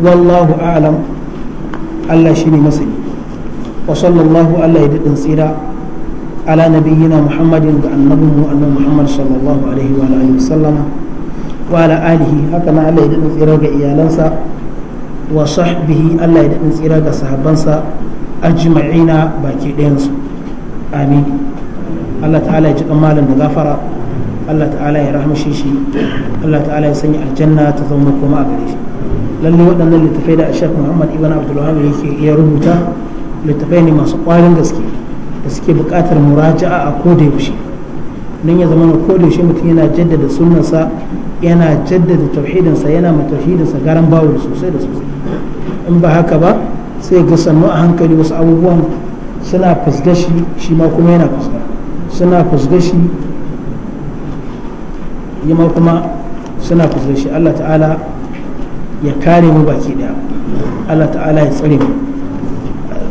wallahu a'lam Allah masani wa sallallahu Allah ya tsira ala nabiyyina Muhammadin da annabin mu annabi Muhammad sallallahu alaihi wa alihi wasallam wa ala alihi haka na Allah ya tsira ga iyalansa wa sahbihi Allah ya tsira ga sahabbansa ajma'ina baki ɗayansu amin Allah ta'ala ya ji malam da gafara Allah ta'ala ya rahmashe shi Allah ta'ala ya sanya aljanna ta zama kuma a gare shi lalle waɗannan littafai da Sheikh Muhammad Ibn Abdul Wahab yake ya rubuta littafai ne masu ƙwarin gaske da suke buƙatar muraja'a a koda yaushe nan ya zama koda yaushe mutum yana jaddada sunansa yana jaddada tauhidinsa yana ma garan bawul sosai da sosai in ba haka ba sai ga sannu a hankali wasu abubuwan suna fusga shi ma kuma yana fusga suna fusga shi yi ma kuma suna fusga Allah ta'ala ya kare mu baki daya Allah ta'ala ya tsare mu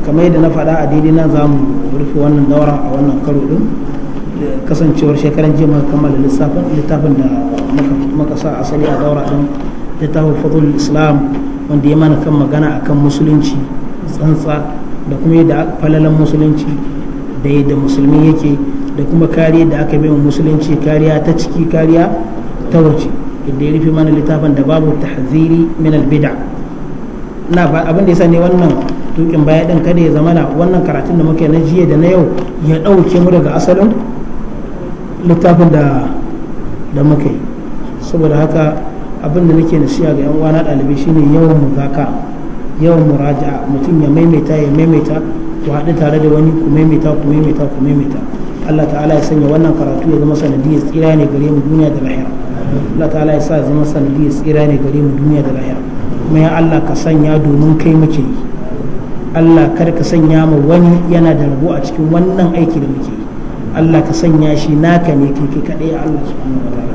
kamar yadda na faɗa a daidai nan za mu rufe wannan daura a wannan karo din kasancewar shekaran jiya muka kammala littafin da muka sa asali a daura din littafin fadul islam wanda ya mana kan magana akan musulunci tsantsa da kuma yadda falalan musulunci da yadda musulmi yake da kuma kariya da aka bai musulunci kariya ta ciki kariya ta waje inda ya rufe mana littafin da babu tahziri min albida na abin da ya ne wannan tukin baya din kada ya zama wannan karatun da muke na jiya da na yau ya dauke mu daga asalin littafin da da muke saboda haka abin da nake nasiha ga yan uwana ɗalibai shine yawan muzaka yawan muraja mutum ya maimaita ya maimaita ku haɗu tare da wani ku maimaita ku maimaita ku maimaita Allah ta'ala ya sanya wannan karatu ya zama sanadiyar tsira ne gare mu duniya da lahira Allah ta'ala ya sa ya zama sanadiyar tsira ne gare mu duniya da lahira kuma ya Allah ka sanya domin kai muke yi Allah kar ka sanya mu wani yana da rabo a cikin wannan aiki da muke yi Allah ka sanya shi naka ne kai kai kaɗai Allah subhanahu wa ta'ala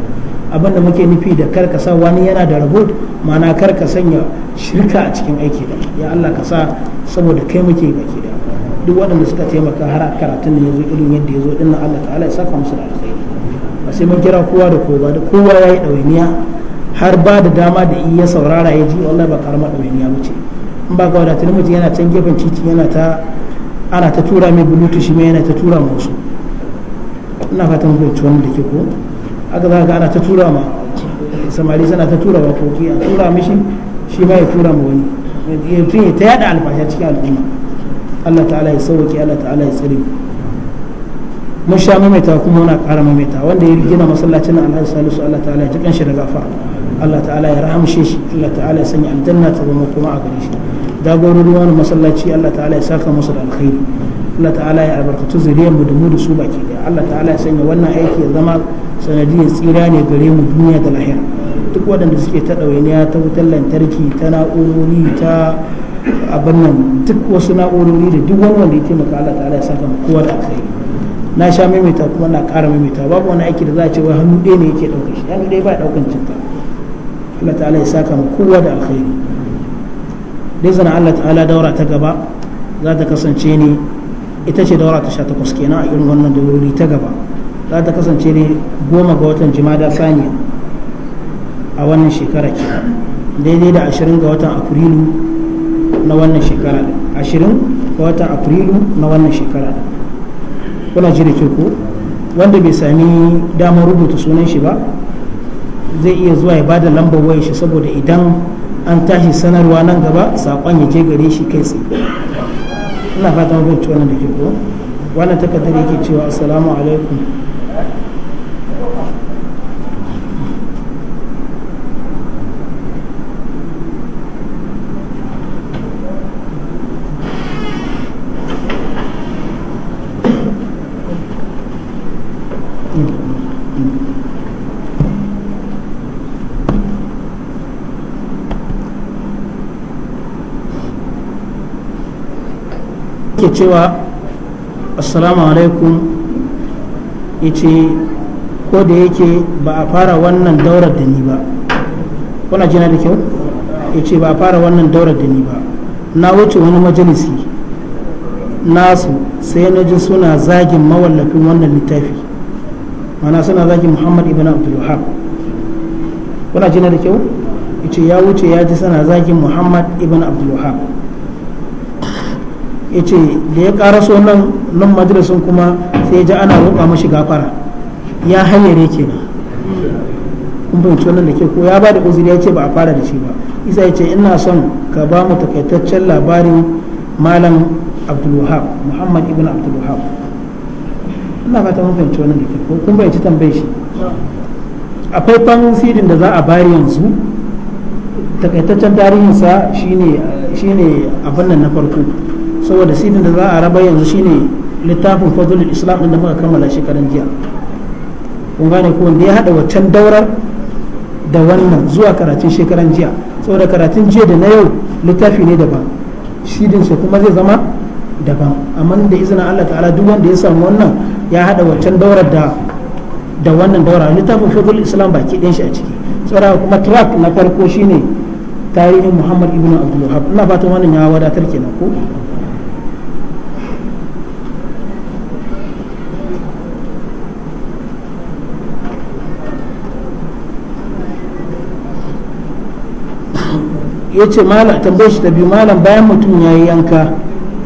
abin da muke nufi da karka sa wani yana da rabo mana karka sanya shirka a cikin aiki da ya Allah ka sa saboda kai muke baki da duk waɗanda suka taimaka har karatun da yazo irin yadda yazo din nan Allah ta'ala ya saka musu da alkhairi ba sai mun kira kowa da kowa da kowa yayi dawainiya har ba da dama da iya saurara ya ji wallahi ba karama dawainiya wuce in ba ga wadatun mutum yana can gefen titi yana ta ana ta tura mai bulutu shi mai yana ta tura musu ina fatan ku ci wani da ke ko haka za ka ana ta tura ma samari suna ta tura wakoki a tura mishi shi ma ya tura ma wani tun ya ta yada alfasha cikin al'umma Allah ta'ala ya sauke Allah ta'ala ya tsare mun sha mamaita kuma muna ƙara mamaita wanda ya gina masallacin alhaji salisu Allah ta'ala ya jikan shi da gafa Allah ta'ala ya rahamshe shi Allah ta'ala ya sanya aljanna ta zama kuma a gare shi dagorin ruwan masallaci Allah ta'ala ya saka musu da alkhairi Allah ta'ala ya albarkatu zuriyar mu da mu da su baki daya Allah ta'ala ya sanya wannan aiki ya zama sanadiyar tsira ne gare mu duniya da lahira duk waɗanda suke ta ɗawainiya ta wutar lantarki ta na'urori ta abin nan duk wasu na'urori da duk wani wanda ya taimaka Allah ta'ala ya saka mu kowa da akai na sha maimaita kuma na ƙara maimaita babu wani aiki da za a ce wai hannu ɗaya ne yake ɗaukar shi hannu ɗaya ba ɗaukan cinta Allah ta'ala ya saka mu kowa da alkhairi dai zana Allah ta'ala daura ta gaba za ta kasance ne ita ce daura ta sha takwas kenan a irin wannan daurori ta gaba za ta kasance ne goma ga watan jimada saniya a wannan shekara ke daidai da ashirin ga watan afrilu na wannan shekara da ashirin ga watan afrilu na wannan shekara da kuna ji da ko wanda bai sami damar rubuta sunan shi ba zai iya zuwa ya bada lambar wayar shi saboda idan an tashi sanarwa nan gaba saƙon ya je gare shi kai tsaye ina fatan zai ci wannan da ke ko wannan takardar yake cewa assalamu alaikum cewa assalamu alaikum ya ce ko da yake ba a fara wannan daurar da ni ba kuna jina da kyau ya ce ba a fara wannan daurar da ni ba na wuce wani majalisi nasu sai na ji suna zagin mawallafin wannan littafi mana suna zagin muhammad ibn abdulwahab kuna jina da kyau ya ce ya wuce ya ji suna zagin muhammad ibn abdulwahab ya ce da ya karaso nan nan majalisun kuma sai ji ana roƙa mashi gafara ya yake ba kun fahimci wannan da ke ko ya ba da uzuri ya ce ba a fara da shi ba isa ya ce ina son ka ba mu takaitaccen labarin malam abdulwahab muhammad ibn abdulwahab ina fata mun fahimci wannan da ke ko kun fahimci tambayi shi akwai faifan sidin da za a bari yanzu takaitaccen tarihinsa shine abin nan na farko saboda sinin da za a raba yanzu shine littafin fadlul islam inda da muka kammala shekaran jiya kun gane ko wanda ya hada waccan daurar da wannan zuwa karatun shekaran jiya saboda karatun jiya da na yau littafi ne daban shidin sa kuma zai zama daban amma da izinin Allah ta'ala duk wanda ya samu wannan ya hada waccan daurar da da wannan daura littafin fadlul islam baki ɗin shi a ciki saboda kuma track na farko shine tarihin muhammad ibn abdul ina fatan wannan ya wadatar kenan ko ya ce tambayar shi ta biyu malam bayan mutum ya yi yanka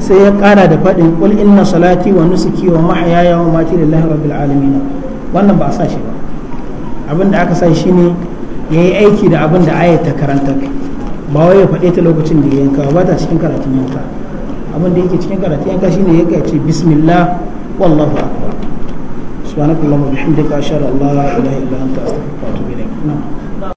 sai ya kara da faɗin kul inna salati wa nusuki wa mahayaya wa mati lillahi rabbil alamin wannan ba a sa shi ba abin da aka sa shi ne ya yi aiki da abin da ayat ta karanta ba wai ya faɗe ta lokacin da ya yanka ba ta cikin karatun yanka abin da yake cikin karatun yanka shine ya ce bismillah wallahu akbar subhanakallahumma bihamdika ashhadu an la ilaha illa anta astaghfiruka wa atubu ilayk na'am